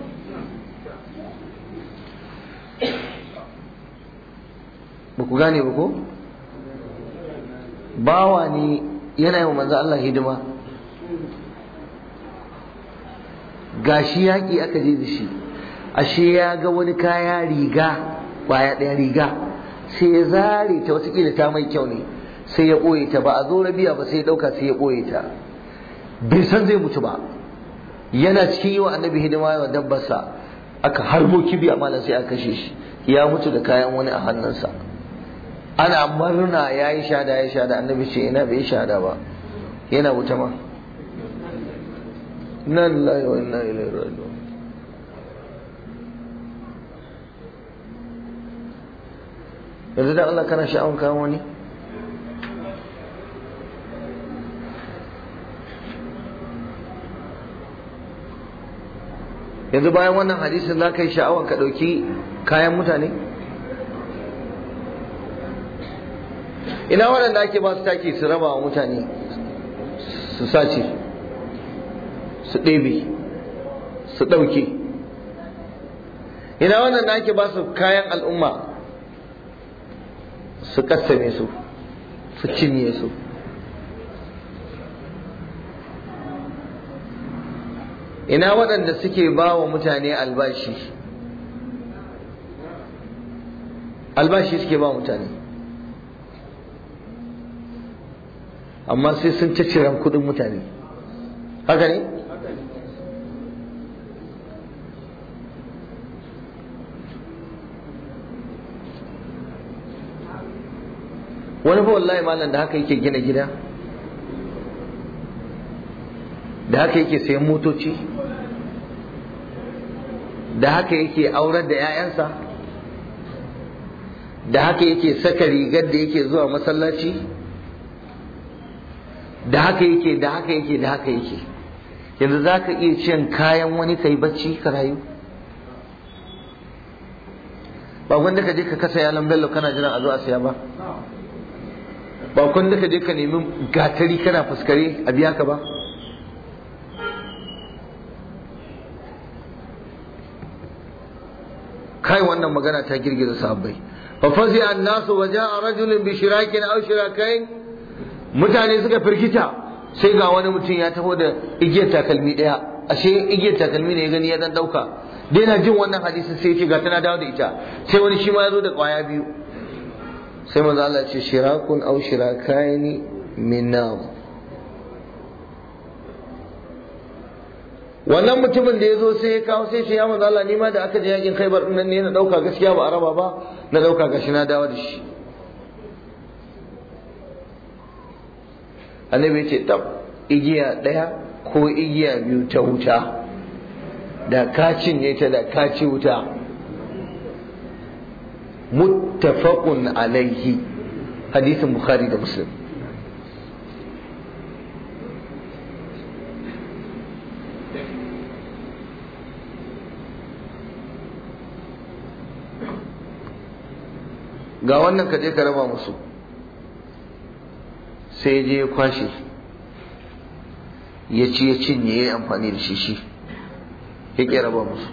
ba ku gane ba ko bawa ne yana yi wa manzo Allah hidima gashi yaki aka je da shi ashe ya ga wani kaya riga kwaya ɗaya riga sai ya zare ta watakila ta mai kyau ne sai ya ɓoye ta ba a zo rabiya ba sai ya ɗauka sai ya ɓoye ta bai san zai mutu ba yana cikin yi wa annabi hidima wa dabbarsa aka harbo kibi a malam sai a kashe shi ya mutu da kayan wani a hannunsa ana murna ya yi shada ya shada annabi ce ina bai shada ba yana wuta ma nan la yau ina ilai yanzu da Allah kana sha'awun kawo wani yanzu bayan wannan hadisin za ka yi sha'awar ka ɗauki kayan mutane ina waɗanda ake ba su taki su raba wa mutane su sace su ɗebe su ɗauke ina waɗanda ake ba su kayan al'umma su kassame su su cinye su ina waɗanda suke ba wa mutane albashi albashi suke ba mutane amma sai sun ci ran kudin mutane haka ne wani fa wallahi malam da haka yake gina gida da haka yake sayan motoci da haka yake aurar da 'ya'yansa da haka yake saka rigar da yake zuwa masallaci da haka yake da haka yake da haka yake yanzu za ka iya cin kayan wani ka yi bacci ka rayu ba wanda ka je ka kasa yalan bello kana jiran a zo a siya ba ba kun da ka je ka nemi gatari kana fuskare a biya ka ba kai wannan magana ta girgiza sahabbai fa fazi annasu wa jaa rajulun bi shirakin aw shirakain mutane suka firgita sai ga wani mutum ya taho da igiyar takalmi daya ashe igiyar takalmi ne ya gani ya dan dauka dai jin wannan hadisin sai ya ce ga tana dawo da ita sai wani shi ma ya zo da kwaya biyu sai manzo Allah ce shirakun au shirakaini min nar wannan mutumin da ya zo sai ya kawo sai sai ya manzo Allah nima da aka je yakin Khaibar din nan ne na dauka gaskiya ba araba ba na dauka gashi na dawo da shi annabi ce tab igiya daya ko igiya biyu ta wuta da kacin ne ta da kaci wuta muttafaqun alaihi hadisin bukhari da muslim ga wannan kaje je ka raba musu sai je ya kwashe ya ci ya cinye ya amfani da shi shi ya raba musu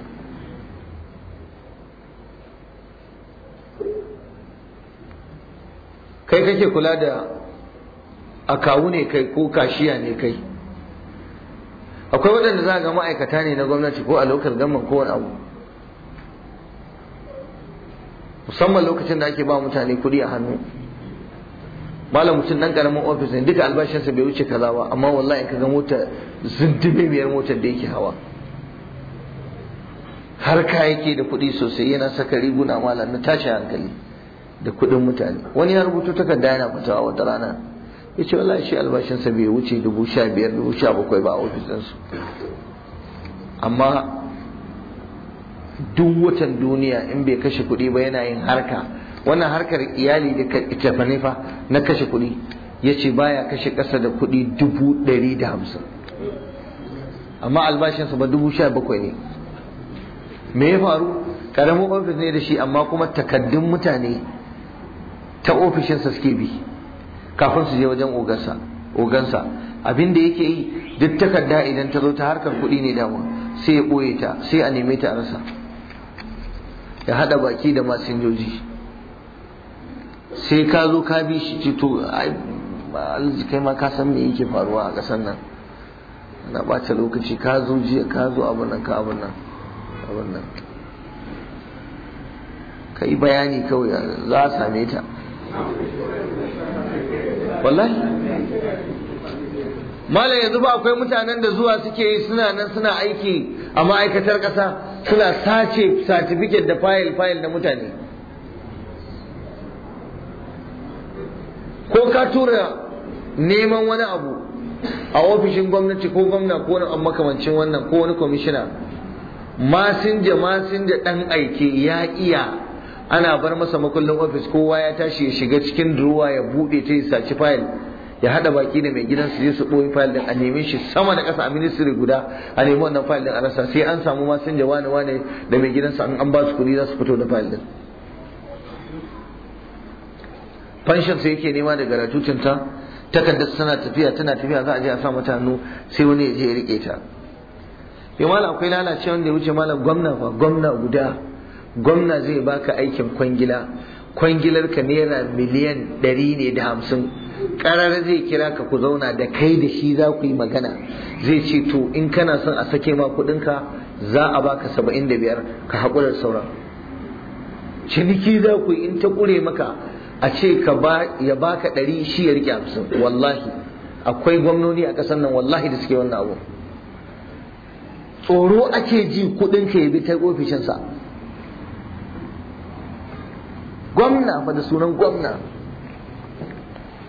kake kula da akawu ne kai ko kashiya ne kai akwai waɗanda za a ga ma'aikata ne na gwamnati ko a lokacin gaman ko wani abu musamman lokacin da ake ba mutane kuɗi a hannu malam mutum nan karamin ofis ne duka albashinsa bai wuce kaza ba amma wallahi ka ga mota zindime biyar motar da yake hawa har ka yake da kuɗi sosai yana saka riguna malam na tashi hankali da kuɗin mutane wani ya rubuto takarda yana a wata rana ya ce wallahi shi albashinsa bai wuce dubu sha biyar dubu sha bakwai ba a ofis amma duk watan duniya in bai kashe kuɗi ba yana yin harka wannan harkar iyali da tafane fa na kashe kuɗi ya ce baya kashe ƙasa da kuɗi dubu ɗari da hamsin amma albashinsa ba dubu sha bakwai ne me ya faru karamin ofis ne da shi amma kuma takaddun mutane ta ofishinsa suke bi kafin su je wajen ogansa abinda yake yi duk takarda idan ta zo ta harkar kuɗi ne dama sai ya ɓoye ta sai a neme ta a rasa ya haɗa baki da masinjoji sai ka zo ka bi shi ce to kai ma ka san me yake faruwa a ƙasar nan na ɓata lokaci ka zo jiya ka zo abin nan ka abin nan abin nan ka yi bayani kawai za a same ta wallahi mala yanzu ba akwai mutanen da zuwa suke yi suna nan suna aiki a ma'aikatar ƙasa suna sace satifiket da fayil-fayil na mutane ko ka tura neman wani abu a ofishin gwamnati ko gwamna ko wani makamancin wannan ko wani kwamishina masinja masinja ɗan aiki ya iya ana bar masa makullin ofis kowa ya tashi ya shiga cikin ruwa ya buɗe ta ya saci fayil ya haɗa baki da mai gidansu zai su ɓoye fayil din a nemi shi sama da ƙasa a ministiri guda a nemi wannan fayil din a rasa sai an samu masinja wane wane da mai gidansu an ba su kuɗi za su fito da fayil din fanshin sai yake nema daga ratutunta takardar tana tafiya tana tafiya za a je a sa mata hannu sai wani ya je ya rike ta ya akwai lalacewa wanda ya wuce malam gwamna guda gwamna zai baka aikin kwangila kwangilar ka naira miliyan ɗari ne da hamsin ƙarar zai kira ka ku zauna da kai da shi za ku yi magana zai ce to in kana son a sake ma kuɗinka za a baka saba'in da biyar ka haƙurar sauran ciniki za ku yi in ta ƙure maka a ce ya baka ɗari shi ya riƙe hamsin wallahi akwai gwamnoni a ƙasar nan wallahi da suke wannan abu tsoro ake ji kuɗinka ya bi ta ofishinsa gwamna ba da sunan gwamna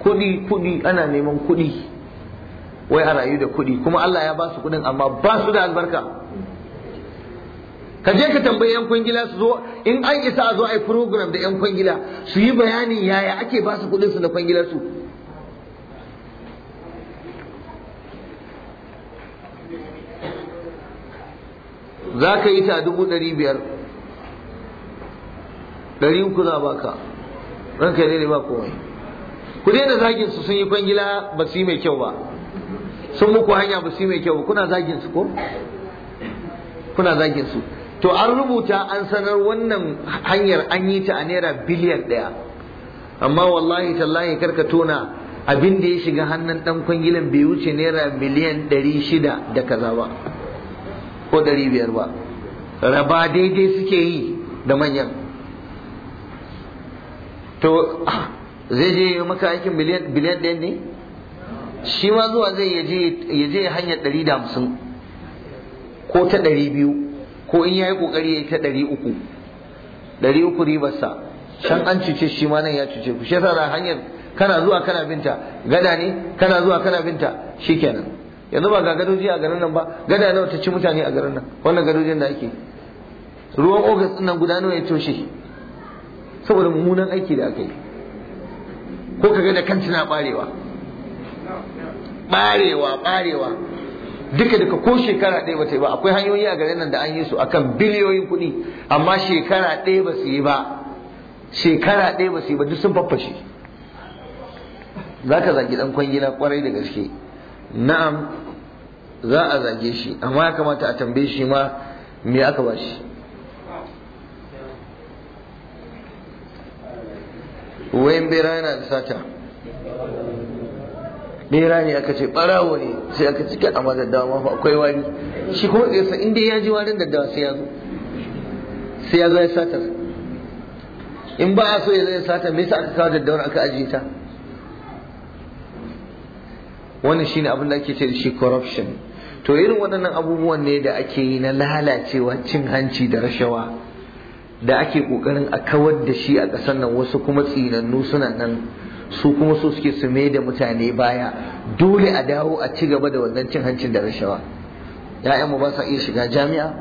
kudi kudi ana neman kudi wai a rayu da kudi kuma Allah ya ba su kudin amma ba su da albarka ka je ka tambayi yan kwangila su zo in an isa a zo a program da yan kwangila su yi bayanin yaya ake ba su kuɗin su da kungilar su za ka yi ta dubu ɗari biyar ɗari uku za baka ranka ne ba komai ku daina zagin su sun yi kwangila ba su yi mai kyau ba sun muku hanya ba su yi mai kyau ba kuna zagin su ko kuna zagin su to an rubuta an sanar wannan hanyar an yi ta a naira biliyan ɗaya amma wallahi tallahi karka tona abin da ya shiga hannun dan kwangilan bai wuce naira miliyan ɗari shida da kaza ba ko ɗari biyar ba raba daidai suke yi da manyan to zai je yi maka aikin biliyan ɗaya ne shi ma zuwa zai ya je hanyar ɗari da hamsin ko ta ɗari biyu ko in ya yi ƙoƙari ya yi ta ɗari uku ɗari uku ribarsa can an cuce shi ma nan ya cuce ku shi yasa hanyar kana zuwa kana binta gada ne kana zuwa kana binta shikenan yanzu ba ga gadoji a garin nan ba gada nawa ta ci mutane a garin nan wannan gadojin da ake ruwan ogas nan guda nawa ya toshe saboda mummunan aiki da aka yi ko gani da kantina barewa barewa barewa duka duka ko shekara ɗaya ba ta yi ba akwai hanyoyi a garin nan da an yi su akan biliyoyin kuɗi amma shekara ɗaya ba su yi ba shekara ɗaya ba su yi ba duk sun faffashe za ka zagi ɗan kwangila kwarai da gaske na'am za a zage shi amma ya kamata a tambaye shi ma me aka ba shi wayan bera yana da sata bera ne aka ce barawo ne sai aka cika a ma daddawa ma akwai wani shi kuma zai san inda ya ji warin daddawa sai ya zo sai ya zo ya sata in ba a so ya zai sata me yasa aka kawo daddawar aka ajiye ta wannan shine abin da ake ce da shi corruption to irin waɗannan abubuwan ne da ake yi na lalacewa cin hanci da rashawa da ake kokarin a kawar da shi a ƙasar nan wasu kuma tsinannu suna nan su kuma su suke su mai da mutane baya dole a dawo a ci gaba da wannan cin hancin da rashawa mu ba sa iya shiga jami'a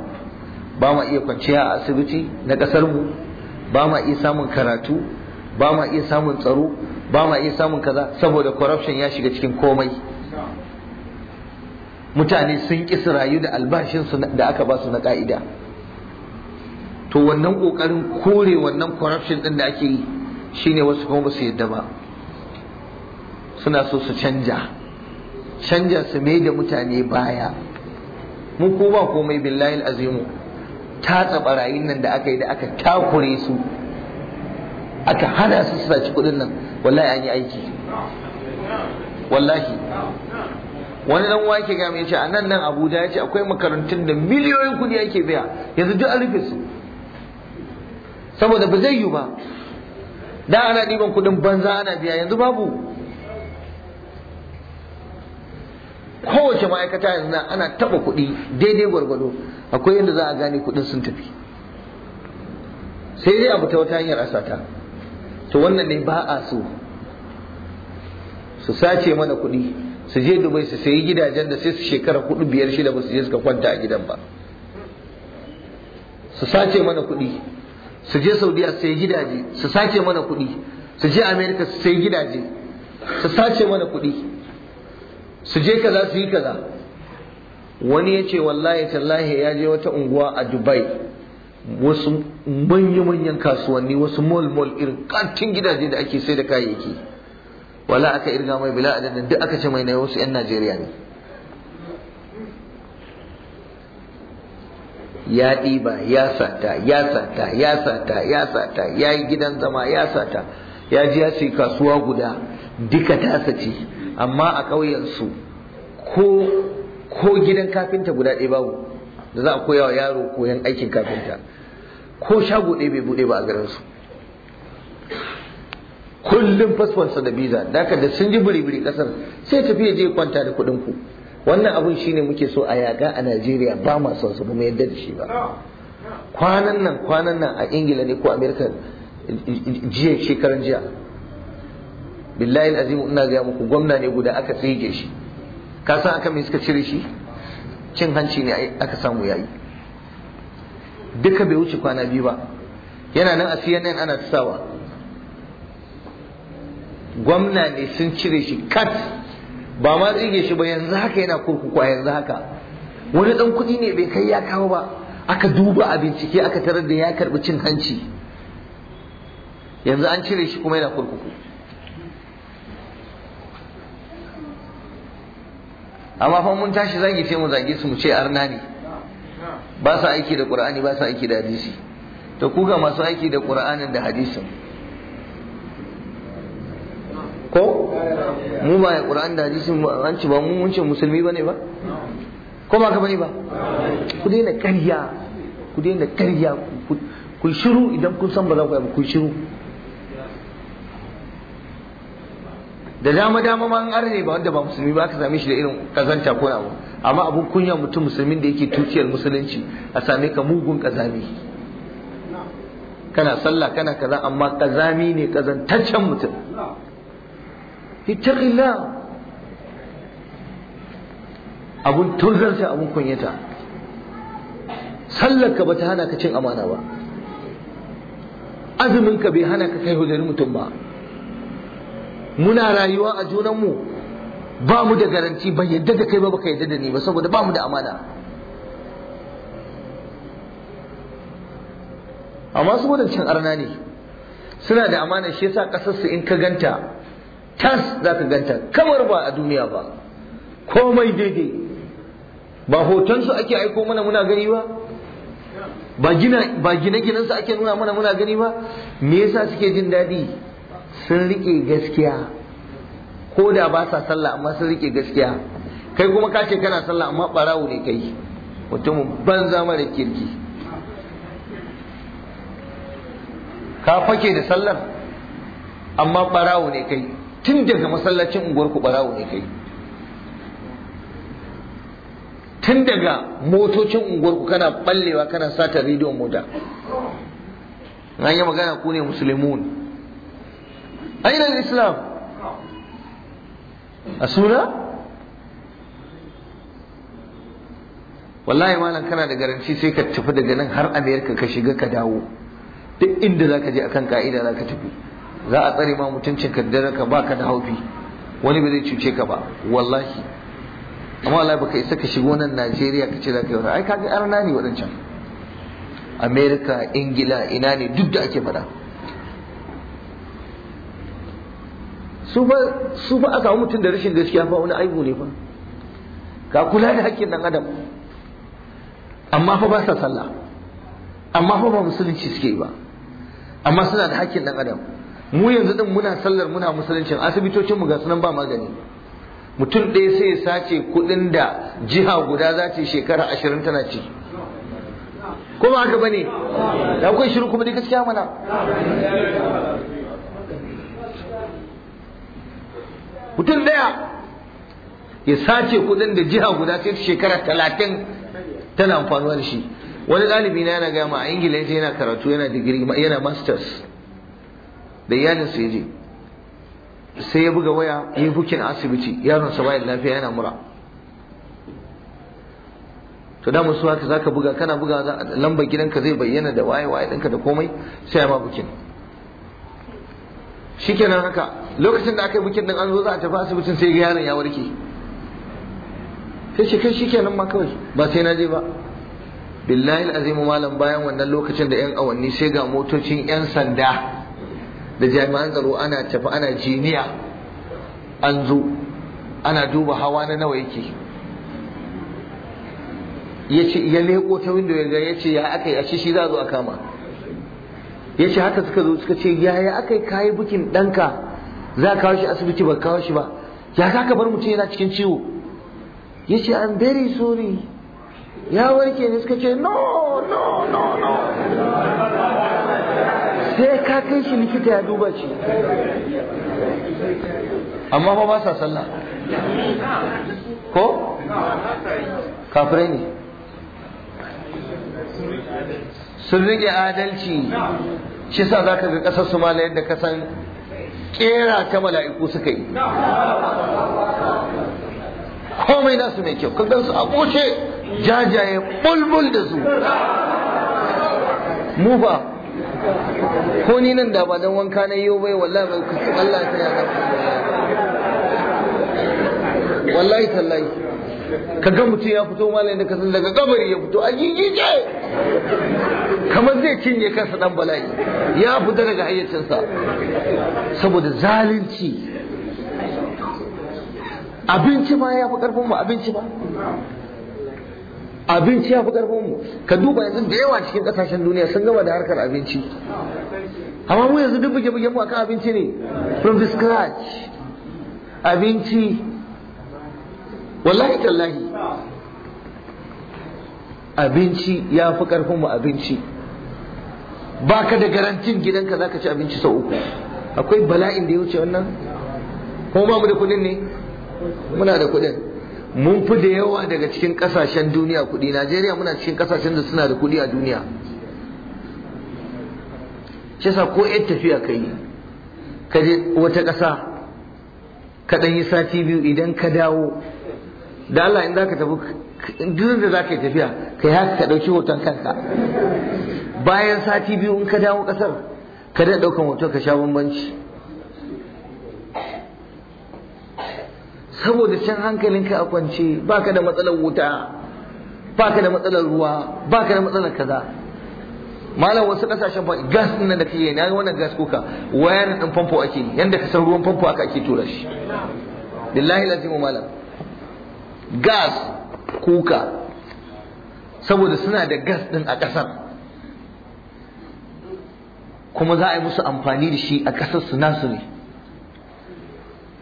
ba ma iya kwanciya a asibiti na ƙasar mu ba ma iya samun karatu ba ma iya samun tsaro ba ma iya samun kaza saboda corruption ya shiga cikin komai mutane sun ƙi rayu da albashinsu da aka ba su na ƙa'ida to wannan kokarin kore wannan corruption din da ake yi shine wasu kuma su yadda ba suna so su canja canja su mai da mutane baya mu ko ba komai billahi azimu tatsa barayin nan da aka yi da aka takure su aka hana su su ci kudin nan wallahi an yi aiki wallahi wani dan wake ga mai ce a nan nan abuja ya ce akwai makarantun da miliyoyin kudi ake biya yanzu duk an rufe su saboda ba zai yi ba da ana ɗiban kuɗin banza ana biya yanzu babu kowace ma'aikata yanzu na, ana taɓa kuɗi daidai gwargwado akwai yadda za a gane kuɗin sun tafi sai dai abu ta wata hanyar asata to wannan ne ba a so su sace mana kuɗi su je dubai su sayi gidajen da sai su shekara hudu biyar shida ba su je suka kwanta a gidan ba su sace mana kuɗi su je saudiya su yi gidaje su sace mana kuɗi su je Amerika su sai gidaje su sace mana kuɗi su je kaza su yi kaza wani ya ce wallahi tallahi ya je wata unguwa a dubai wasu manya-manyan kasuwanni wasu mol-mol irin kantin gidaje da ake sai da kayayyaki wala aka irga mai bila adadin duk aka ce mai na wasu 'yan najeriya ne ya ɗiba ya sata ya sata ya sata ya sata ya yi gidan zama ya sata ya ji ya ce kasuwa guda duka tasa ce amma a ƙauyensu ko ko gidan kafinta guda ɗaya babu da za a koya wa yaro koyan aikin kafinta ko shago ɗaya bai buɗe ba a garinsu kullum fasfonsa da biza da da sun ji biri-biri ƙasar sai tafi ya je kwanta da kuɗin ku wannan abun shine muke so a yaga a Najeriya ba ma son su mu yadda da shi ba kwanan nan kwanan nan a Ingila ne ko Amerika jiya shekaran jiya billahi azimu ina ga muku gwamna ne guda aka tsige shi ka san aka me suka cire shi cin hanci ne aka samu yayi duka bai wuce kwana biyu ba yana nan a CNN ana tsawa gwamna ne sun cire shi kat ba ma tsige shi ba yanzu haka yana kurkuku a yanzu haka wani dan kuɗi ne bai kai ya kawo ba aka duba a bincike aka tarar da ya karɓi cin hanci yanzu an cire shi kuma yana kurkuku amma fa mun tashi zagi ce mu zage su mu ce arna ne ba su aiki da qur'ani ba su aiki da hadisi to kuga masu aiki da qur'anin da hadisin ko mu ba ya ƙura'an da hadisin an ci ba mu mun ce musulmi ne ba ko ba ka bane ba ku daina karya ku daina karya ku shiru idan kun san ba za ku yi ku shiru da dama dama ma an arne ba wanda ba musulmi ba ka same shi da irin kazanta ko abu amma abun kunya mutum musulmin da yake tuciyar musulunci a same ka mugun kazami kana sallah kana kaza amma kazami ne kazantaccen mutum اتق الله abun tozarta abun kunyata sallarka bata hana ka cin amana ba azumin ka bai hana ka kai hudurin mutum ba muna rayuwa a junanmu ba mu da garanti ba yadda da kai ba baka yadda da ni ba saboda ba mu da amana amma saboda wadancan arna ne suna da amana shi yasa kasar su in ka ganta tas za ka ganta kamar ba a duniya ba komai daidai ba hotonsu ake aiko mana muna gani ba ba gina gine su ake nuna mana muna gani ba me yasa suke jin daɗi sun riƙe gaskiya ko da ba sa sallah amma sun riƙe gaskiya kai kuma ka ce kana sallah amma barawo ne kai mutumin banza mara kirki ka fake da sallar amma barawo ne kai tun daga masallacin unguwar ku barawo ne kai tun daga motocin unguwar ku kana ballewa kana sata rediyon mota an yi magana ku ne musulmun aina islam a suna wallahi malam kana da garanci sai ka tafi daga nan har amerika ka shiga ka dawo duk inda za ka je akan ka'ida za ka tafi za a tsare ma mutuncin ka dare ka baka da haufi wani ba zai cuce ka ba wallahi amma Allah baka isa ka shigo nan Najeriya ka ce za ka yi wani ai kaga arna ne waɗancan america Ingila ina ne duk da ake faɗa su su ba aka mutum da rashin gaskiya fa wani aibu ne fa ka kula da haƙƙin dan adam amma fa ba sa sallah amma fa ba musulunci suke yi ba amma suna da haƙƙin dan adam mu yanzu din muna sallar muna musuluncin asibitocin mu ga sunan ba magani mutum ɗaya sai ya sace kuɗin da jiha guda za ta shekara ashirin tana ci ko ba haka bane da akwai shiru kuma dai gaskiya mana mutum ɗaya ya sace kuɗin da jiha guda ta yi shekara talatin tana amfanuwa da shi wani ɗalibi na yana gama a ingila yana karatu yana digiri yana masters da iyalinsa su je sai ya buga waya ya yi bukin asibiti yaron sa bayan lafiya yana mura to da musu haka zaka buga kana buga lambar gidanka zai bayyana da waye waye ɗinka da komai sai ma bukin shikenan haka lokacin da aka yi bukin din an zo za a tafi asibitin sai ga yaron ya warke sai ce kai shikenan ma kawai ba sai na je ba billahi alazim malam bayan wannan lokacin da yan awanni sai ga motocin yan sanda da jami'an tsaro ana tafi ana jiniya an zo ana duba hawa na nawa yake ya ce ya leko ta windo ya ga ya ce ya aka yi a shi za a zo a kama ya ce haka suka zo suka ce yaya aka yi kayi bukin danka za kawo shi asibiti ba kawo shi ba ya za ka bar mutum yana cikin ciwo ya ce an very sorry ya warke ne suka ce no no no no sai ka kai shi likita ya duba ce, amma ba ba sa sallah ko kafirai ne sun rike adalci shi sa za ka ga ƙasar su mala yadda ka san kera ta mala'iku suka yi komai nasu mai kyau kagan su a jajaye bulbul da su mu ba ko ni nan da ba don wanka na yau bai wallahi ba ku Allah ta yaka wallahi tallahi ga mutum ya fito malai da kasan daga kabari ya fito a gigije kamar zai cinye kansa dan bala'i ya fita daga hayyacinsa saboda zalunci abinci ma ya fi karfin mu abinci ba abinci ya fi karfin mu ka duba yanzu da yawa cikin kasashen duniya sun gama da harkar abinci amma mu yanzu duk buge-buge mu akan abinci ne from the scratch abinci wallahi tallahi abinci ya fi karfin mu abinci ba ka da garantin gidanka za ka ci abinci sau uku akwai bala'in da ya wuce wannan kuma ba mu da kudin ne muna da kudin mun fi da yawa daga cikin kasashen duniya kuɗi najeriya muna cikin kasashen da suna da kuɗi a duniya shi sa ko yan tafiya ka yi ka je wata ƙasa ka ɗan yi sati biyu idan ka dawo da Allah in za ka tafi duk da za ka yi tafiya ka yi haka ka ɗauki hoton kanka bayan sati biyu in ka dawo ƙasar ka da ɗaukan hoton ka sha bambanci saboda can hankalinka a kwance ka da matsalar wuta ba ka da matsalar ruwa ba ka da matsalar kaza malam wasu kasashen ba gas din da kake na wannan gas kuka wayar din famfo ake yanda ka san ruwan famfo aka ake tura shi billahi lazimu malam gas kuka saboda suna da gas din a kasar kuma za a yi musu amfani da shi a kasar su nasu ne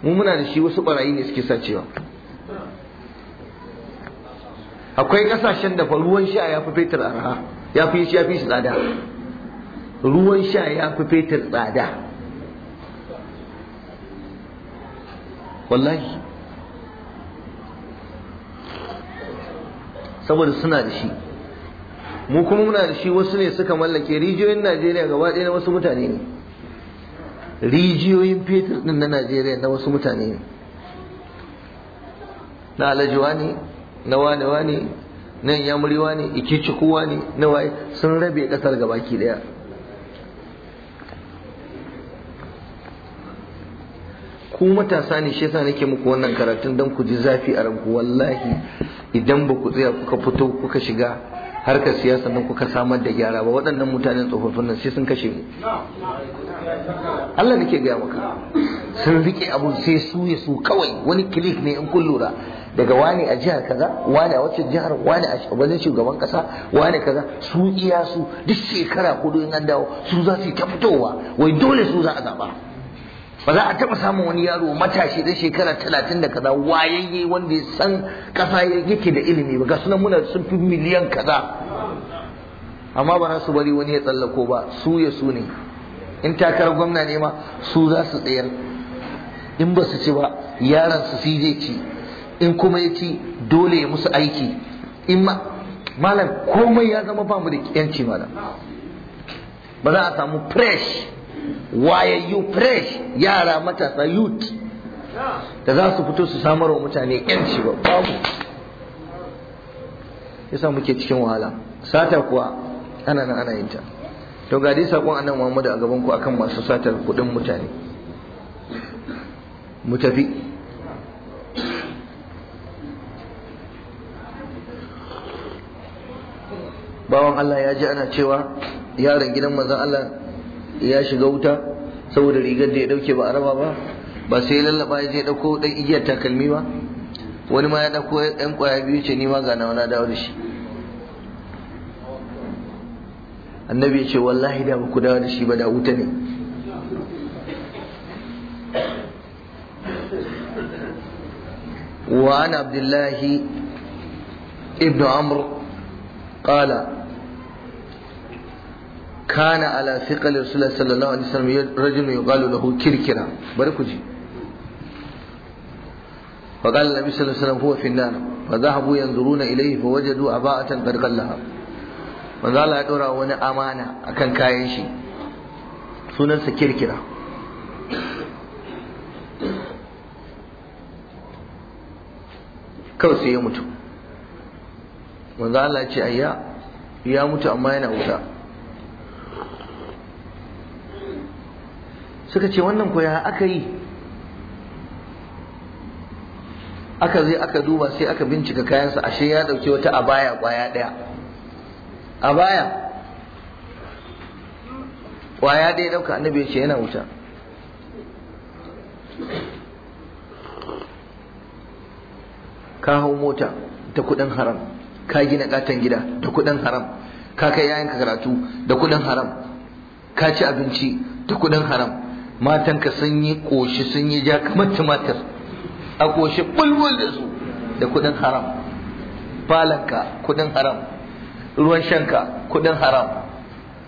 mu muna da shi wasu barayi ne suke sacewa akwai kasashen da ruwan sha ya fi fetur arha ya fi shi ya fi shi tsada ruwan sha ya fi fetur tsada wallahi saboda suna da shi mu kuma muna da shi wasu ne suka mallake rijiyoyin najeriya gaba ɗaya na wasu mutane ne rijiyoyin fetur din na Najeriya na wasu mutane ne na alajuwa ne na wanewa ne na yamuriwa ne ikici ne na waye sun rabe kasar gabaki daya ku matasa ne shi yasa nake muku wannan karatun don ku ji zafi a ranku wallahi idan ba ku tsaya kuka fito kuka shiga harkar siyasa nan kuka samar da gyara ba waɗannan mutanen tsofaffin nan sai sun kashe mu Allah nake gaya maka sun rike abun sai su ya su kawai wani kilik ne in kun lura daga wani a jihar kaza wani a wacce jihar wani a shugaban shugaban kasa wani kaza su iya su duk shekara kudu in an dawo su za su yi ta fitowa wai dole su za a zaba ba za a taɓa samun wani yaro matashi da shekara talatin da kaza wayayye wanda ya san ƙasa yake da ilimi ba ga sunan muna sun fi miliyan kaza amma ba su bari wani ya tsallako ba su ya su ne in takarar gwamna ne ma su za su tsayar in ba su ci ba yaron su si zai ci in kuma ya ci dole ya musu aiki in ma malam komai ya zama ba mu da yanci malam ba za a samu fresh yu fresh yara matasa youth da za su fito su samar wa mutane yanci ba babu yasa muke cikin wahala sata kuwa ana nan ana yin to ga dai sakon annan Muhammadu a gaban ku akan masu satar kudin mutane mu tafi bawan Allah ya ji ana cewa yaron gidan manzon Allah ya shiga wuta saboda rigar da ya dauke ba a raba ba ba sai ya lallaba ya je dauko dan igiyar takalmi ba wani ma ya dauko yan kwaya biyu ce ni ma ga nawa na dawo da shi annabi ya ce wallahi da ku dawo da shi ba da wuta ne wa an abdullahi ibnu amr qala kana ala thiqal rasul sallallahu alaihi wasallam rajulun yuqalu lahu kirkira bari ku ji فقال النبي صلى الله عليه وسلم هو في النار فذهبوا ينظرون إليه فوجدوا أباءة قد قلها من قال أدرى وانا أمانة أكن كاين شي سنن سكركرة kawai sai ya mutu manzo Allah ya mutu amma yana wuta suka ce wannan koya aka yi aka zai aka duba sai aka bincika kayansa ashe ya dauke wata abaya kwaya daya abaya kwaya daya dauka annabi ce yana wuta ka hau mota ta kudin haram ka gina katon gida ta kudin haram ka kai yayanka karatu da kudin haram ka ci abinci ta kudin haram matanka sun yi ƙoshi sun yi ja kamar tumatir a ƙoshi bulbul da su da kuɗin haram balanka kuɗin haram ruwan shanka kuɗin haram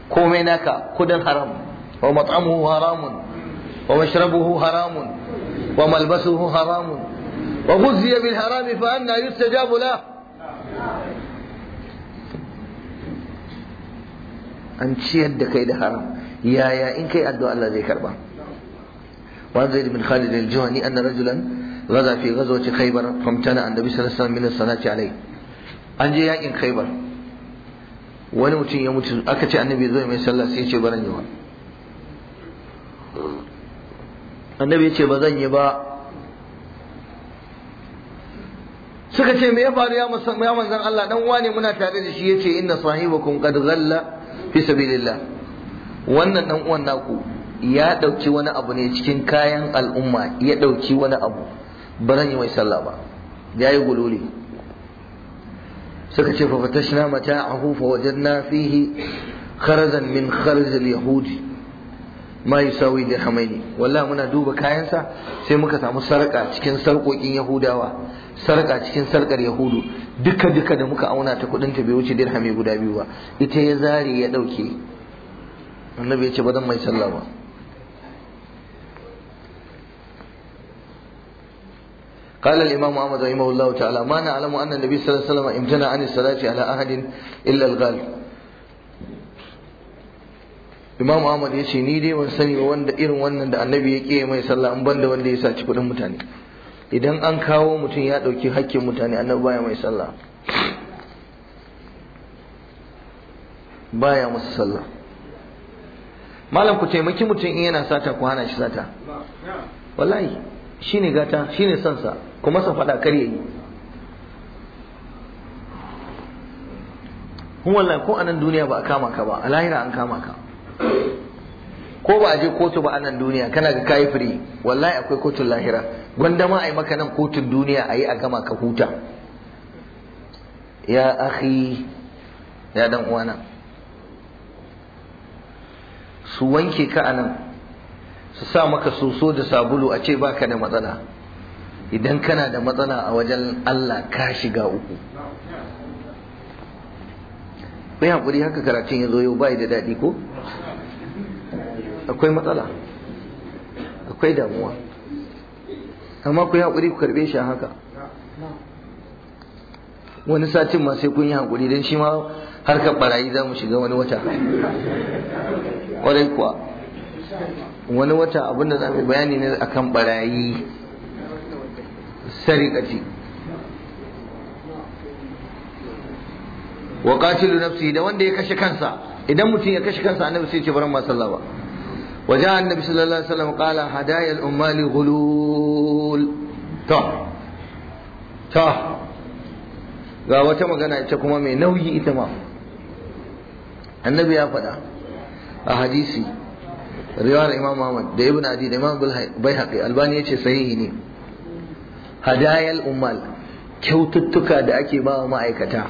komai naka kuɗin haram wa mat'amuhu haramun wa mashrabuhu haramun wa malbasuhu haramun wa ghuzziya bil haram fa anna yustajabu la an ciyar da kai da haram yaya in kai addu'a Allah zai karba وعن زيد بن خالد الجهني أن رجلا غزا في غزوة خيبر فامتنع النبي صلى الله عليه وسلم من الصلاة عليه أن جاء خيبر wani mutum ya mutu aka ce annabi zai mai sallah sai ce baran annabi ya ce ba zan yi ba suka ce me ya faru ya manzan Allah dan wane muna tare da shi yace inna sahibakum qad ghalla fi sabilillah wannan dan uwan naku ya ɗauki wani abu ne cikin kayan al'umma ya ɗauki wani abu ba zan yi mai sallah ba ya yi gululi suka ce mata a hufa wajen na fihi kharazan min kharaj yahudi ma da hamaini wallah muna duba kayansa sai muka samu sarka cikin sarkokin yahudawa sarƙa cikin sarƙar yahudu duka duka da muka auna ta kuɗin ta bai wuce dirhami guda biyu ba ita ya zare ya dauke annabi ya ce ba zan mai sallah قال الإمام أحمد رحمه الله تعالى ما نعلم أن النبي صلى الله عليه وسلم امتنع عن الصلاة على أحد إلا الغال Imam Ahmad ya ce ni dai ban sani ba wanda irin wannan da annabi ya ƙi mai sallah in banda wanda ya saci kuɗin mutane idan an kawo mutum ya ɗauki hakkin mutane annabi baya mai sallah baya musu sallah malam ku taimaki mutum in yana sata ku hana shi sata wallahi shine gata shine sansa kuma san faɗa kare yi kun wallahi ko anan duniya ba a kama ka ba a lahira an kama ka ko ba a je kotu ba anan duniya kana ga kayi firi wallahi akwai kotun lahira gwanda ma ai maka nan kotun duniya ayi a gama ka huta ya akhi ya dan uwana su wanke ka anan su sa maka soso da sabulu a ce baka da matsala idan kana da matsala a wajen Allah ka shiga uku bai hakuri haka karatun ya zo yau bai da daɗi ko akwai matsala akwai damuwa amma ku yi hakuri ku karɓe shi haka wani satin ma sai kun yi hakuri don shi ma harkar barayi za mu shiga wani wata ƙwarai kuwa wani wata abinda za mu bayani ne akan barayi sarikati wa qatilu nafsi da wanda ya kashe kansa idan mutum ya kashe kansa annabi sai ce baran ma sallah ba wa annabi sallallahu alaihi wasallam qala hadaya al-ummali ghulul ta ta. ga wata magana ita kuma mai nauyi ita ma annabi ya faɗa a hadisi riwayar Imam Muhammad da Ibn Adi da Imam Baihaqi Albani yace sahihi ne hadayal ummal kyaututtuka da ake ba wa ma'aikata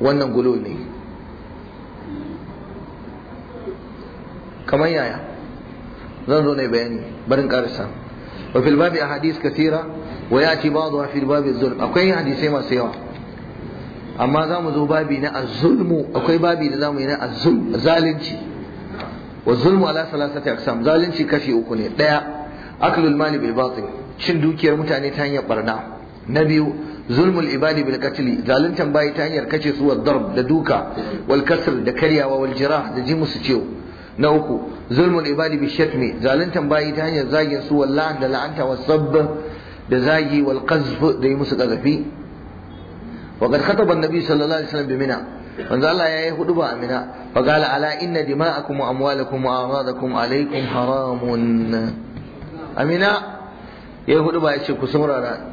wannan gulo ne kamar yaya zan zo ne bayani barin karisa wa fil babi ahadith kathira wa yati ba'dha fil babi zulm akwai hadisai masu yawa amma za mu zo babi na az-zulmu akwai babi da za mu yi na az-zulm zalunci wa zulmu ala salasati aqsam zalunci kashi uku ne daya aklul mali bil cin dukiyar mutane ta hanyar barna na biyu zulmul ibadi bil qatl zaluntan bayi ta hanyar kace su wal darb da duka wal kasr da karyawa wal jirah da ji musu ciwo na uku zulmul ibadi bil shatmi zaluntan bayi ta hanyar zagin su wallahi da la'anta was sabb da zagi wal qazf da yi musu kazafi وقد خطب النبي صلى الله عليه وسلم بمنى manzo Allah yayi hudu ba amina fa qala ala inna dima'akum wa amwalakum wa kuma alaykum haramun amina yayi hudu ba yace ku saurara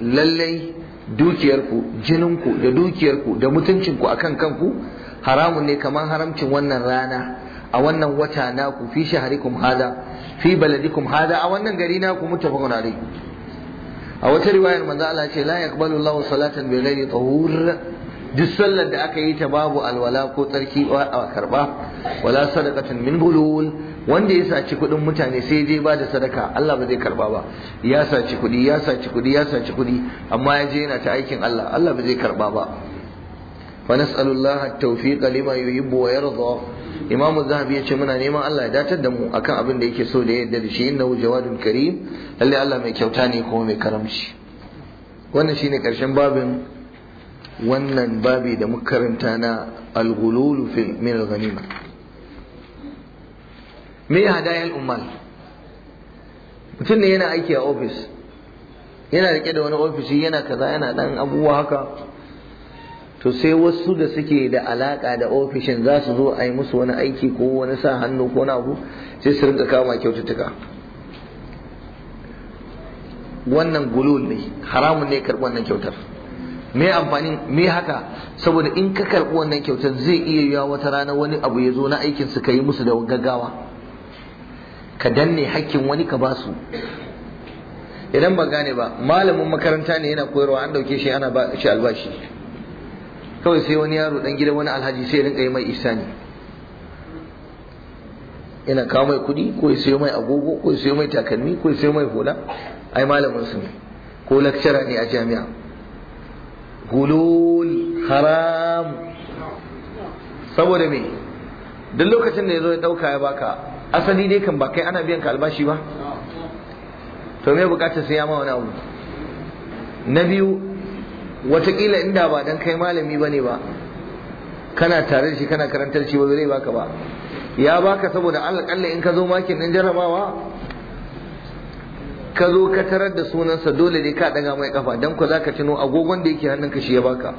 lallai dukiyarku jininku da dukiyarku da mutuncinku a kan kanku haramun ne kamar haramcin wannan rana a wannan wata naku fi shaharikum hada fi baladikum hada a wannan gari naku mutu alayhi a wata riwayar manzo Allah ce la yaqbalu Allahu salatan bi ghairi tahur duk sallar da aka yi ta babu alwala ko tsarki a karba wala sadaqatin min bulul wanda ya saci kuɗin mutane sai je ba da sadaka Allah ba zai karba ba ya saci kuɗi ya saci kuɗi ya saci kuɗi amma ya je yana ta aikin Allah Allah ba zai karba ba fa nas'alullah at-tawfiq lima yuhibbu wa yarda imamu zahabi ya ce muna neman Allah ya datar da mu akan abin da yake so da yadda da shi innahu jawadun karim lalle Allah mai kyauta ne kuma mai karamci wannan shine karshen babin wannan babi da muka na al gululu fil min al-ghanima me hadayal ummal mutum ne yana aiki a ofis yana rike da wani ofishi yana kaza yana dan abubuwa haka to sai wasu da suke da alaka da ofishin za su zo a yi musu wani aiki ko wani sa hannu ko na abu sai su rinka kama kyaututtuka wannan gulul ne haramun ne karɓar wannan kyautar me amfani me haka saboda in ka karɓi wannan kyautar zai iya yiwa wata rana wani abu ya zo na aikin su ka yi musu da gaggawa ka danne hakkin wani ka ba su idan ba gane ba malamin makaranta ne yana koyarwa an dauke shi ana ba shi albashi kawai sai wani yaro dan gida wani alhaji sai rinka yi mai ne. yana kawo mai kuɗi ko ya sayo mai agogo ko ya sayo mai takalmi ko ya sayo mai hula ai malamin su ne ko lakcara ne a jami'a gulul haram saboda me duk lokacin da ya zo ya ɗauka ya baka asali dai kan ba kai ana biyan ka albashi ba to me bukatar sai ya ma wani abu na biyu watakila inda ba dan kai malami ba ne ba kana tare da shi kana karantar shi ba zai baka ba ya baka saboda alƙalla in ka zo makin ɗin jarrabawa ka zo ka tarar da sunansa dole ne ka ɗaga mai kafa don ku za ka tuno agogon da yake hannunka shi ya baka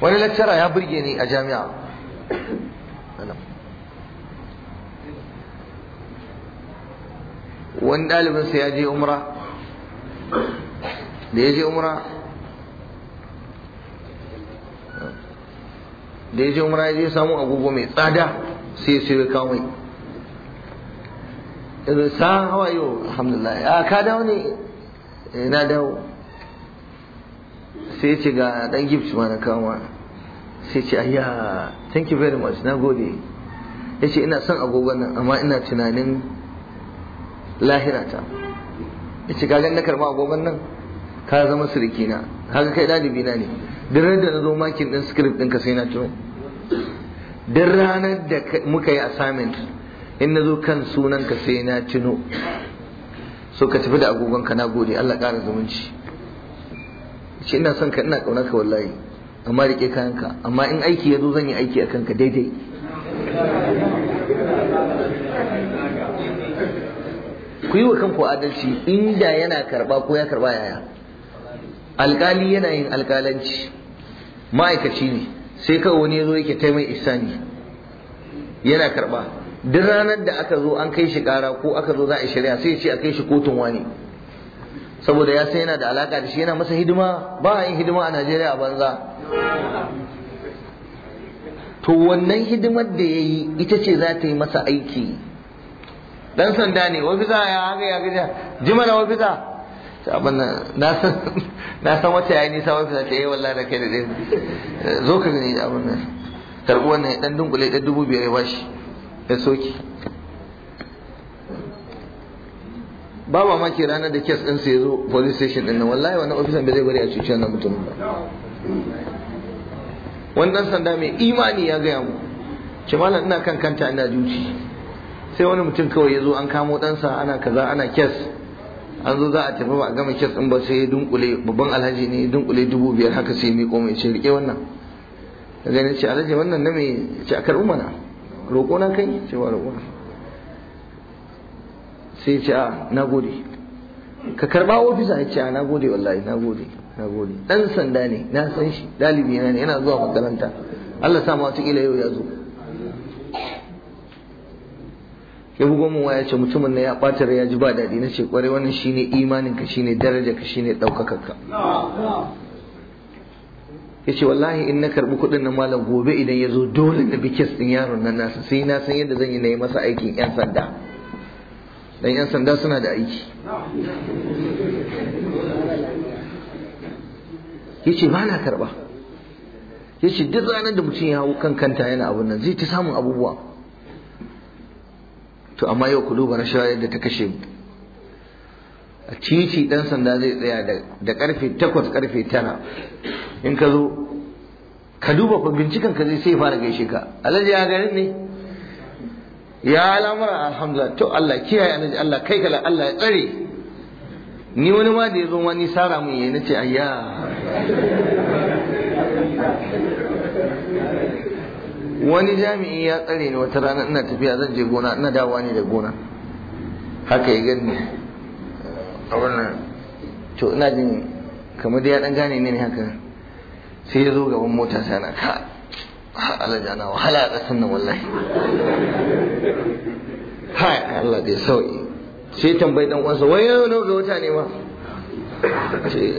wani lakcara ya burge ni a jami'a wani ɗalibinsa ya je umra da ya je umra da ya je umra ya je samu agogo mai tsada sai ya kawo kawai Sa, how are you? Alhamdulillah. Ah, ka dawo ne? Eh, na dawo. Sai ce ga dan gift ma na kama. Sai ce ayya, thank you very much. Na gode. Ya ce ina son agogon nan amma ina tunanin lahirata. Ya ce kagan na karba agogon nan ka zama suriki na. Haka kai ɗalibi na ne. Duk da na zo makin ɗin script ka sai na tuno. Duk ranar da muka yi assignment in na zo kan sunanka sai na tuno so ka tafi da agogonka na gode Allah ƙara zumunci ce ina son ka ina ƙauna ka wallahi amma riƙe kayanka amma in aiki ya zo zan yi aiki a kanka daidai ku yi wa kanku adalci inda yana karɓa ko ya karɓa yaya alƙali yana yin alƙalanci ma'aikaci ne sai kawai wani ya zo yake taimai isani yana karɓa duk ranar da aka zo an kai shi kara ko aka zo za a shari'a sai ce a kai shi kotun wani saboda ya san yana da alaka da shi yana masa hidima ba a yin hidima a Najeriya a banza to wannan hidimar da ya yi ita ce za ta yi masa aiki dan sanda ne wafisa ya haka ya gaja jima da wafisa na san wata ya yi nisa wafisa ta yi eh, wallah da kai da dai zo ka gani da abin nan karɓi wannan ya ɗan dunkule ɗan dubu biyar ya bashi ya soke ba mamaki ranar da kes ɗinsu ya zo police station ɗin nan wallahi wannan ofisan bai zai bari a cuci wannan mutum ba Wannan sanda mai imani ya gaya mu ce malam ina kan kanta ina juci sai wani mutum kawai ya zo an kamo ɗansa ana kaza ana kes an zo za a tafi ba a gama kes ɗin ba sai ya dunkule babban alhaji ne ya dunkule dubu biyar haka sai ya miƙo mai ce riƙe wannan ya gani ce alhaji wannan na mai ce a karɓi mana roƙo na kai cewa roƙo sai ce a ah, na gode ka karɓa ofisa ya ce a ah, na gode wallahi na gode na gode ɗan sanda ne na san shi ɗalibi ne yana zuwa makaranta Allah sa ma wataƙila yau ya zo ya bugo min waya ce mutumin na ya ɓata ya ji ba daɗi na ce ƙwarai wannan shine imaninka shine ka shine ɗaukakarka ya ce wallahi in na karɓi kuɗin na malam gobe idan ya zo dole na bi kes ɗin yaron nan nasa sai na san yadda zan yi na yi masa aikin 'yan sanda dan 'yan sanda suna da aiki ya ce ba na karɓa ya ce duk ranar da mutum ya hau kan kanta yana abun nan zai ta samun abubuwa to amma yau ba na shawar yadda ta kashe a titi dan sanda zai tsaya da karfe takwas karfe tara in ka zo ka duba fa bincikan ka zai sai fara gaishe ka alhaji ya gani ne ya al'amura alhamdulillah to Allah kiyaye alhaji Allah kai kala Allah ya tsare ni wani ma da ya zo wani sara mun yayi nace ayya wani jami'i ya tsare ni wata rana ina tafiya zan je gona ina dawowa ne da gona haka ya gani a wannan to ina jin kamar da ya dan gane ne haka sai ya zo gaban mota sai na ka alaji ana wahala a ƙasar nan wallahi ha Allah dai sauki sai tambayi dan uwansa wai yau nawa ga wata ne ma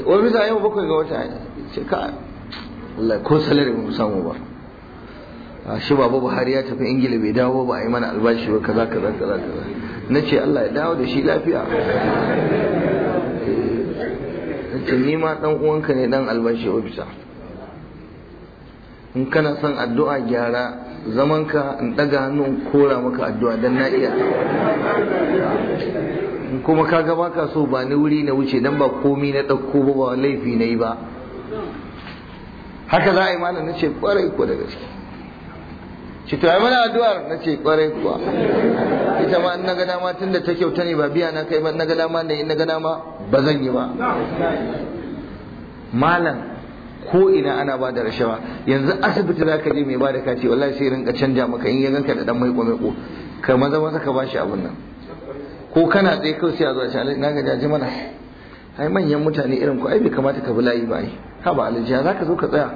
wai bisa yau bakwai ga wata ne ce ka Allah ko salari mu samu ba a shi babu Buhari ya tafi Ingila bai dawo ba a yi mana albashi ba kaza kaza kaza kaza na ce Allah ya dawo da shi lafiya eh, na ce ni ma dan uwanka ne dan albashi ofisa in kana son addu'a gyara zamanka in ɗaga hannun kora maka addu'a don na iya kuma ka gaba ka so ba ni wuri na wuce don ba komi na ɗauko ba ba laifi na yi ba haka za a yi malam na ce ƙwarai ko da gaske ci to mana addu'ar na ce ƙwarai kuwa ita ma in na ga dama tun da ta kyauta ne ba biya na kai ba na ga dama ne in na ga dama ba zan yi ba malam ko ina ana ba da rashawa yanzu asibiti za ka je mai ba da kaci wallahi sai rinka canja maka in ya ganka da dan maiko ko ka maza maza ka bashi abun nan ko kana tsaye kawai sai a zuwa shi na ga jaji mana ai manyan mutane irin ku ai bai kamata ka bi layi ba ai ha ba alajiya za ka zo ka tsaya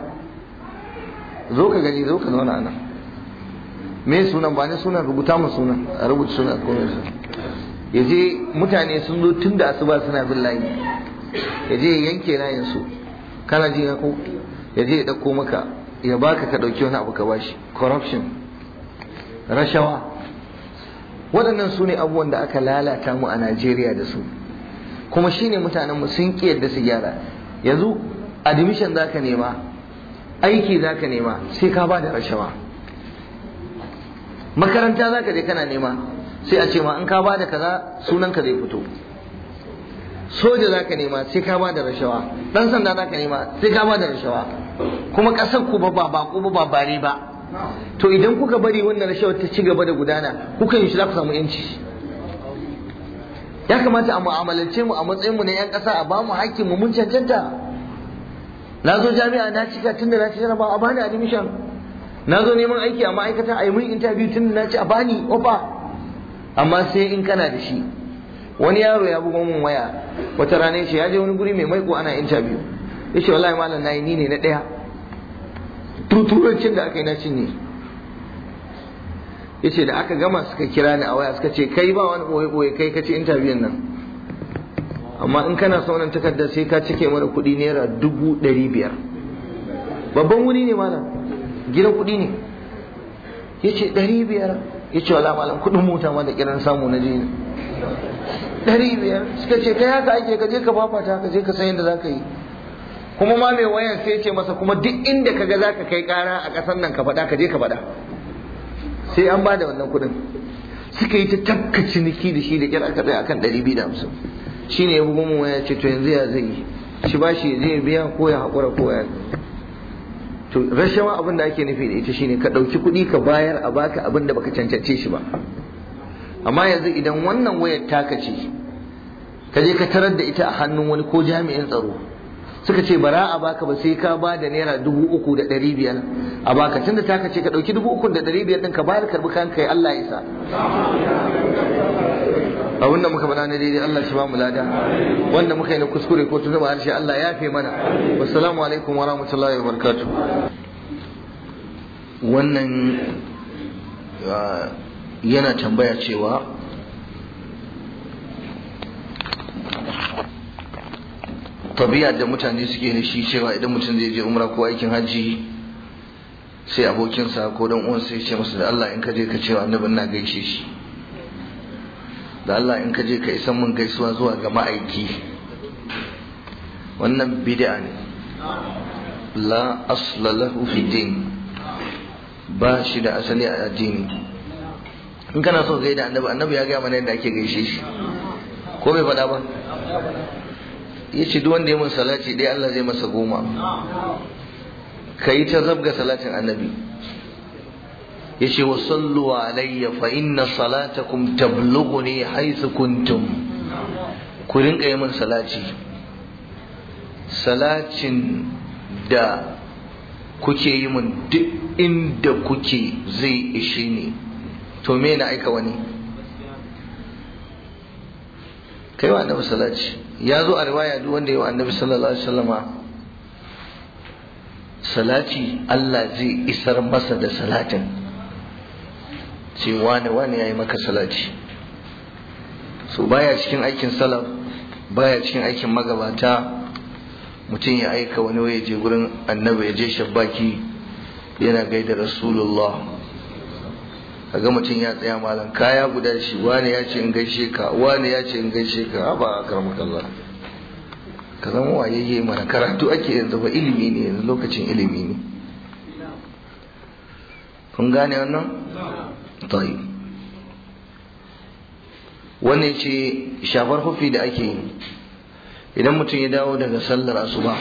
zo ka gani zo ka zauna a nan me sunan ba ne sunan rubuta mu sunan a rubuta sunan ko me sunan yaje mutane sun zo tun da asuba suna bin layi yaje yanke layin su kana ji ko ya je ya dauko maka ya baka ka dauki wani abu ka bashi corruption rashawa waɗannan su ne abubuwan da aka lalata mu a Najeriya da su kuma shine mutanen mu sun ki yadda su gyara yanzu admission zaka nema aiki zaka nema sai ka bada rashawa makaranta zaka je kana nema sai a ce ma in ka bada kaza sunan ka zai fito soja za ka nema sai ka ba da rashawa dan sanda za ka nema sai ka ba da rashawa kuma ƙasar ku ba ba ku ba bare ba to idan kuka bari wannan rashawar ta ci gaba da gudana kuka yi shi za ku samu yanci ya kamata a mu'amalance mu a matsayin mu na yan ƙasa a bamu hakkin mu mun cancanta na zo jami'a na cika tun da na ci jarabawa a bani admission na zo neman aiki a ma'aikata a yi mun interview tun da na ci a bani ofa amma sai in kana da shi wani yaro ya bugo mun waya wata rana yace ya je wani guri mai maiko ana interview ce wallahi malam nayi ni ne na daya tuturancin da aka yi na cinye ce da aka gama suka kira ni a waya suka ce kai ba wani boye boye kai kace interview nan amma in kana son wannan takarda sai ka cike mana kuɗi naira dubu ɗari biyar babban wuri ne malam gidan kuɗi ne ya ce ɗari biyar ce wala malam kuɗin mota ma da kiran samu na jini. ɗari biyar suka ce kai haka ake ka je ka fafata ka je ka san yadda za ka yi kuma ma mai wayan sai ce masa kuma duk inda ka ga za ka kai ƙara a ƙasar nan ka faɗa ka je ka faɗa sai an ba da wannan kuɗin suka yi ta tabka ciniki da shi da ƙyar aka tsaya akan ɗari biyu da hamsin shi ne ya bugu mu waya ce to yanzu ya zai shi ba shi zai biya ko ya haƙura ko ya to rashawa abin da ake nufi da ita shine ka ɗauki kuɗi ka bayar a baka abin da baka cancance shi ba amma yanzu idan wannan wayar taka ce ka je ka tarar da ita a hannun wani ko jami'in tsaro suka ce bara a baka ba sai ka ba da naira dubu uku da ɗari biyar a baka tunda taka ce ka ɗauki dubu uku da ɗari biyar ɗin ka bayar karɓi kayan kai Allah ya sa abin da muka faɗa na daidai Allah shi ba mu lada wanda muka yi na kuskure ko zama harshe Allah ya fi mana wassalamu alaikum wa rahmatullahi wa barakatuh wannan ah, yana tambaya cewa tabiya da mutane suke da shi cewa idan mutum zai je umra ko aikin hajji sai abokinsa ko don uwan sai ce masa da Allah in ka je ka cewa annabin na gaishe shi da Allah in ka ka isan mun gaisuwa zuwa ga ma'aiki wannan bid'a ne la asla lahu fi din ba shi da asali a addini in kana so gaida annabi annabi ya gaya mana yadda ake gaishe shi ko bai faɗa ba ya ce duk wanda ya mun salati dai Allah zai masa goma ka yi ta zabga salatin annabi ya ce wasallu alayya fa inna salatakum tablughuni haythu kuntum ku rinka yi min salati salacin da kuke yi mun duk inda kuke zai ishe ne. to me na aika wani kai wa annabi salati ya zo a riwaya duk wanda ya wa annabi sallallahu alaihi wasallama salati Allah zai isar masa da salatin ce wane wani yayi maka salati so baya cikin aikin salaf baya cikin aikin magabata mutum ya aika wani waje gurin annabi ya je shabbaki yana gaida rasulullah kaga mutum ya tsaya malam kaya guda shi wani ya ce in gaishe ka wani ya ce in gaishe ka ba karmakallah ka zama yayye mana karatu ake yanzu ba ilimi ne yanzu lokacin ilimi ne kun gane wannan tayi wannan ce shafar hufi da ake yi idan mutum ya dawo daga sallar asuba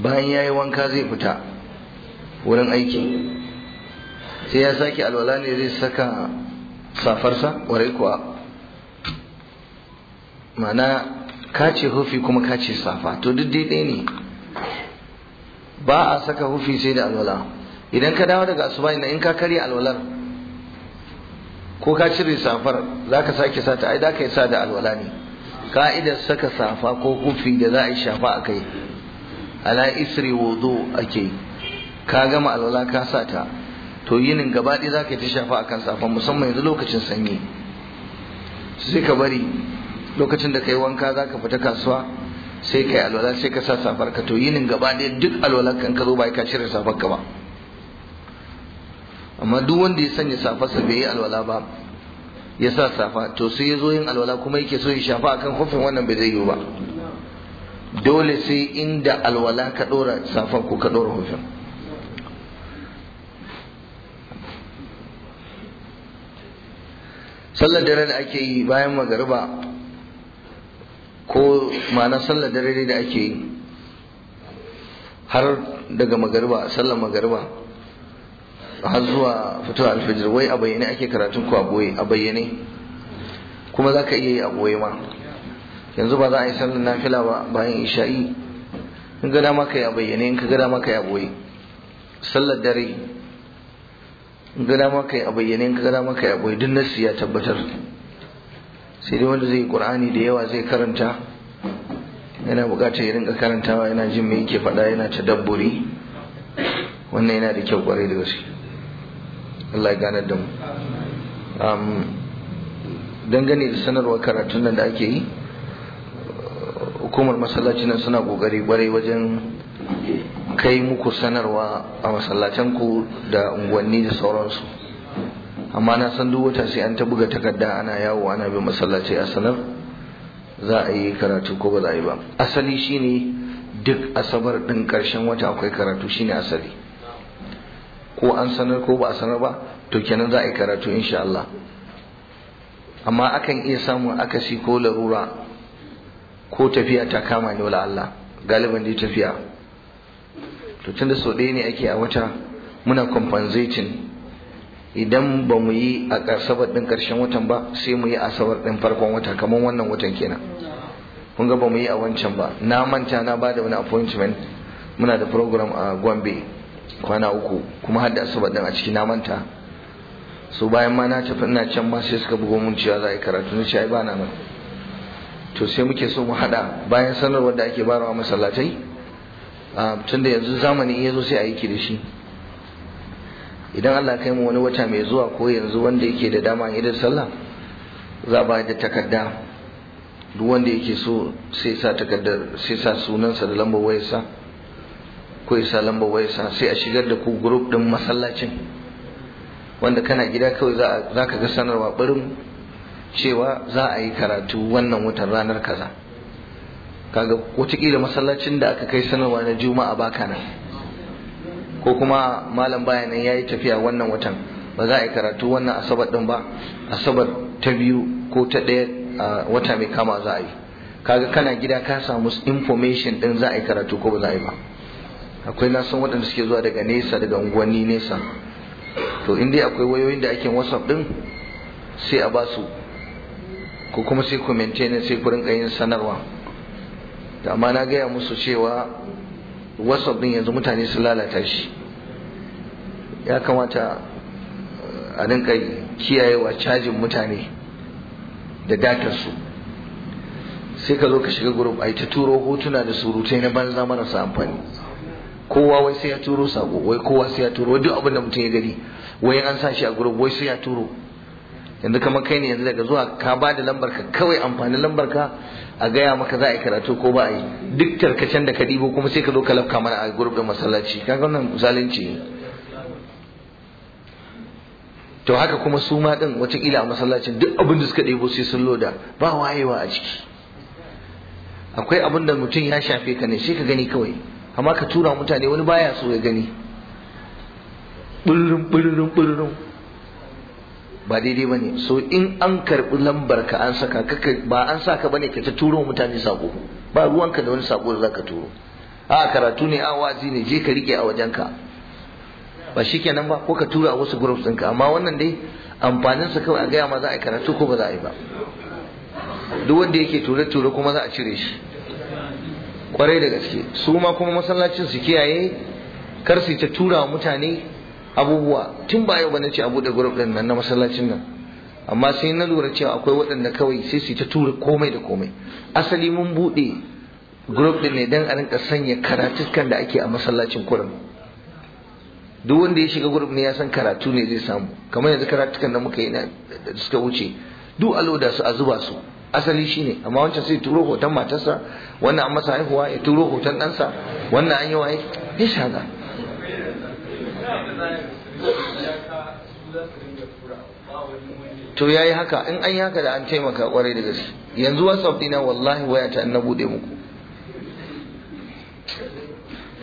bayan ya yi wanka zai fita wurin aiki sai ya sake alwala ne zai saka safarsa ware kuwa mana kace hufi kuma kace safa to duk daidai ne ba a saka hufi sai da alwala idan ka dawo daga asuba in ka karya alwalar ko ka cire safar za ka sake sa ta ai ka yi sa da alwala ne ka'idar saka safa ko hufi da za a yi shafa a kai ala isri wudu ake ka gama alwala ka sa ta to yinin gaba ɗaya za ka yi ta shafa akan safan musamman yanzu lokacin sanyi sai ka bari lokacin da ka yi wanka za ka fita kasuwa sai ka yi alwala sai ka sa safar ka to yinin gaba ɗaya duk alwalar kan ka zo ba ka cire safar ka ba amma duk wanda ya sanya safarsa bai yi alwala ba ya sa safa to sai ya zo yin alwala kuma yake so ya shafa akan kofin wannan bai zai yiwu ba dole sai inda alwala ka ɗora safar ko ka ɗora hufin. sallar dare da ake yi bayan magariba ko ma'ana sallar dare da ake yi har daga magariba sallar magariba har zuwa fitar alfijir wai a bayyane ake karatun ku a boye a bayyane kuma za ka iya yi a boye ma yanzu ba za a yi sallar nafila ba bayan isha'i in ga dama ka yi a bayyane in ka ga dama ka yi a boye sallar dare gada maka kai a bayyane ka gada maka kai a boye duk nassi ya tabbatar sai dai wanda zai yi qur'ani da yawa zai karanta yana bukatar ya rinka karantawa yana jin mai yake faɗa yana ta dabburi. wannan yana da kyau kwarai da gaske Allah ya ganar da mu dangane da sanarwar karatun nan da ake yi hukumar masallacin nan suna kokari kwarai wajen kai muku sanarwa a masallatanku da unguwanni da sauransu amma na san duk wata sai an ta buga takarda ana yawo ana bin masallaci a sanar za a yi karatu ko ba za a yi ba asali shine duk asabar din karshen wata akwai karatu shine asali ko an sanar ko ba a sanar ba to kenan za a yi karatu insha Allah amma akan iya samun akasi ko larura ko tafiya ta kama ne wala Allah galiban dai tafiya to tunda so ɗaya ne ake a wata muna compensating idan ba mu yi a asabar ɗin ƙarshen watan ba sai mu yi asabar ɗin farkon wata kamar wannan watan kenan kun ga ba mu yi a wancan ba na manta na ba da wani appointment muna da program a gombe kwana uku kuma har da asabar ɗin a ciki na manta so bayan ma na tafi ina can ma sai suka bugo mun cewa za a yi karatu na ce ba na nan to sai muke so mu haɗa bayan sanarwar da ake barawa masallatai tunda yanzu zamani ya zo sai a yi da shi idan Allah kai mu wani wata mai zuwa ko yanzu wanda yake da dama idan sallah za ba da takarda duk wanda yake so sai sa takardar sai sa sunansa da lambar sa, ko ya sa lambar sa, sai a shigar da ku group din masallacin wanda kana gida kawai za ka ga sanarwa barin cewa za a yi karatu wannan watan ranar kaza kaga watakila masallacin da aka kai sanarwa na juma'a baka nan ko kuma malam bayanan ya yi tafiya wannan watan ba za a yi karatu wannan asabar din ba asabar ta biyu ko ta ɗaya a wata mai kama za a yi kaga kana gida ka samu information din za a yi karatu ko ba za a yi ba akwai na san waɗanda suke zuwa daga nesa daga unguwanni nesa to in dai akwai wayoyin da ake whatsapp din sai a basu ko kuma sai ku maintain sai ku rinka yin sanarwa to amma na gaya musu cewa whatsapp din yanzu mutane sun lalata shi ya kamata eh, a dinka kiyayewa cajin mutane da datarsu sai ka zo ka shiga gurup a yi ta turo hotuna da surutai na banza marasa amfani kowa wai sai ya turo sako wai kowa sai ya turo duk abin da mutum ya gani wai an sa shi a gurup wai sai ya turo yanzu kamar kai ne yanzu daga zuwa ka ba da lambar ka kawai amfanin lambar ka a gaya maka za a yi karatu ko ba a yi duk tarkacen da ka ɗibo kuma sai ka zo ka lafka mana a gurbin masallaci ga wannan zalunci to haka kuma su ma din watakila a masallacin duk abin da suka ɗebo sai sun loda ba wayewa a ciki akwai abin da mutum ya shafe ka ne sai ka gani kawai amma ka tura mutane wani baya so ya gani ɓirrin ɓirrin ɓirrin ba daidai ba ne. so in an karɓi lambar ka an saka kaka ba an saka ba ne ka ta turo mutane sako ba ruwanka da wani sako da ka turo a karatu ne a wazi ne je ka rike a wajenka ba shi nan ba ko ka tura a wasu din ɗinka amma wannan dai amfanin sa kawai a gaya ma za a yi karatu ko ba za a yi ba duk wanda yake ture ture kuma za a cire shi kwarai da gaske su ma kuma masallacin su kiyaye kar su ta tura mutane abubuwa tun ba yau bane ce a bude group din nan na masallacin nan amma sai na lura cewa akwai waɗanda kawai sai su ta tura komai da komai asali mun bude group din ne dan a rinka sanya karatukan da ake a masallacin kurum duk wanda ya shiga group ne ya san karatu ne zai samu kamar yanzu karatukan da muka yi na suka wuce duk aloda su a zuba su asali shine amma wancan sai turo hoton matarsa wannan an masa haihuwa ya turo hoton ɗansa wannan an yi waye ya shaga to yayi haka in an yi haka da an taimaka kwarai da gaske yanzu whatsapp dina wallahi waya ta na bude muku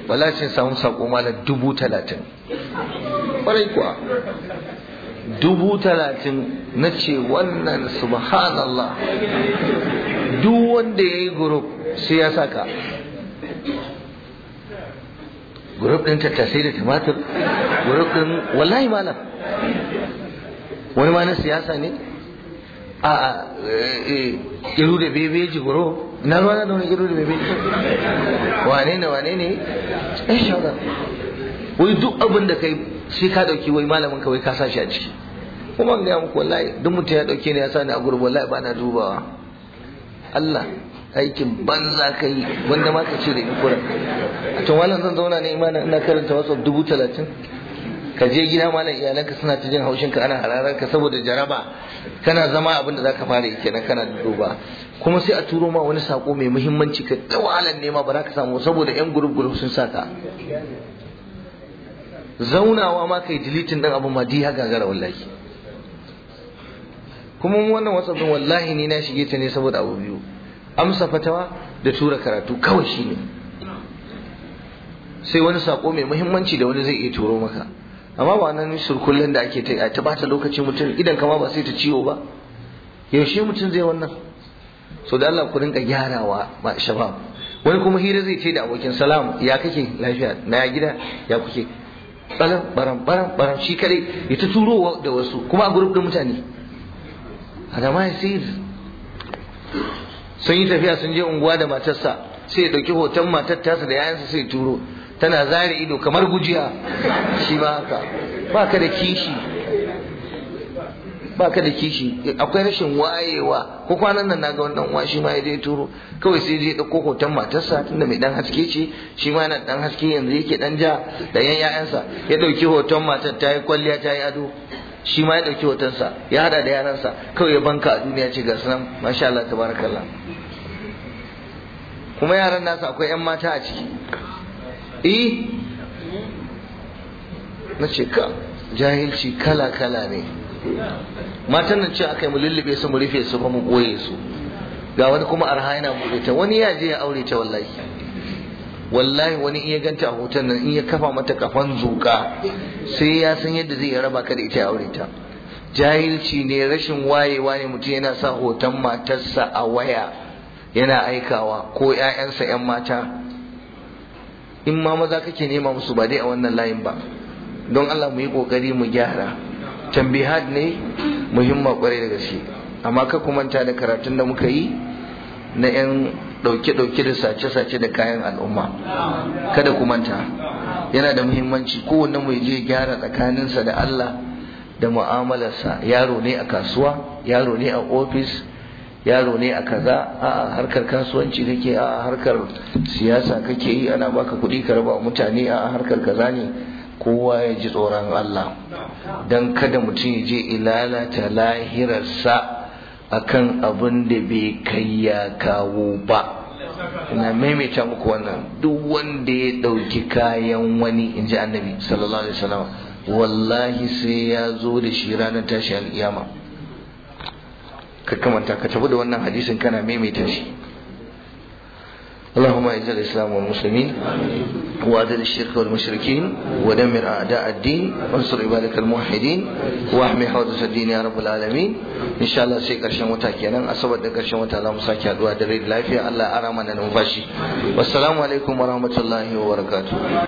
wallahi sai samun sako malam dubu talatin kwarai kuwa dubu talatin na ce wannan subhanallah duk wanda ya yi group sai ya saka group din tattasai da tumatir group din wallahi malam wani ma na siyasa ne a eh, eh, iru da bebeji goro. na ruwa na wani iru da bebeji wane ne wane ne ɗan eh, shaɗar, wai duk abin da kai sai ka ɗauki wai malamin ka wai ka sashi a ciki kuma ga muku wallahi duk mutum ya ɗauke ne ya sani a gurbin wallahi ba na dubawa Allah aikin banza ka yi wanda ma ka ce da a can wannan zan zauna ne imana ina karanta wasu dubu talatin ka je gida malam iyalanka suna ta jin haushinka ana hararar ka saboda jaraba kana zama abin da ka fara kenan kana duba kuma sai a turo ma wani sako mai muhimmanci ka tawalan nema ba za ka samu saboda yan gurup gurup sun saka zaunawa ma kai dilitin din abu ma diya gagara wallahi kuma wannan whatsapp in wallahi ni na shige ta ne saboda abu biyu amsa fatawa da tura karatu kawai shine sai wani sako mai muhimmanci da wani zai iya turo maka amma ba nan surkullen da ake ta ta bata lokacin mutum idan kama ba sai ta ciwo ba yaushe mutum zai wannan so da Allah ku dinga gyarawa ma shabab wani kuma hira zai ce da abokin salam ya kake lafiya na ya gida ya kuke tsalan baran baran shi kadai ya ta turo da wasu kuma a gurbin din mutane hada ma sun yi tafiya sun je unguwa da matarsa sai ya ɗauki hoton matar tasa da yayansa sai turo tana zare ido kamar gujiya shi ba haka ba ka da kishi ba ka da kishi akwai rashin wayewa ko kwanan nan naga wannan uwa shi ma ya je turo kawai sai je ɗauko hoton matarsa tunda mai dan haske ce shi ma nan dan haske yanzu yake dan ja da yan yayansa ya ɗauki hoton matar ta yi kwalliya ta yi ado shi ma ya ɗauki hotonsa ya hada da yaransa kawai ya banka a duniya ce ga sunan masha Allah tabarakallah kuma yaran nasu akwai 'yan mata a ciki eh na ce ka jahilci kala-kala ne matan nan ce aka yi mu lullube su mu rufe su mu ɓoye su ga wani kuma arha yana buɗe ta wani ya je ya aure ta wallahi wallahi wani iya ganta a hoton nan in ya kafa mata kafan zuka sai ya san yadda zai raba ka da ita aure ta jahilci ne rashin wayewa ne mutum yana sa hoton matarsa a waya yana aikawa ko ‘ya'yansa ‘yan mata in ma maza kake nema musu ba dai a wannan layin ba don Allah mu yi ƙoƙari mu gyara tambihad ne muhimma ƙwarai da gaske amma ka manta da karatun da muka yi na 'yan ɗauke-ɗauke da sace-sace da kayan al'umma kada ku manta yana da muhimmanci kowanne mu je gyara tsakaninsa da Allah da mu'amalarsa yaro ne a kasuwa yaro ne a ofis yaro ne a kaza a harkar kasuwanci kake a harkar siyasa kake yi ana baka kuɗi ka raba mutane a harkar kaza ne kowa ya ji tsoron Allah don kada mutum ya je ilalata lahirarsa akan abin da bai kai ya kawo ba ina maimaita muku wannan duk wanda ya ɗauki kayan wani in ji annabi sallallahu alaihi wasallam wallahi sai ya zo da shi ranar tashi al'iyama ka kamanta ka tafi da wannan hadisin kana maimaita shi اللهم اجعل الاسلام والمسلمين musulmi. الشرك والمشركين ودمر اعداء الدين وانصر عبادك الموحدين واحمي حوزه الدين يا رب العالمين ان شاء الله sai karshen wata kenan asabar da karshen wata za mu sake haduwa da rai lafiya Allah ya ara mana numfashi wassalamu alaikum warahmatullahi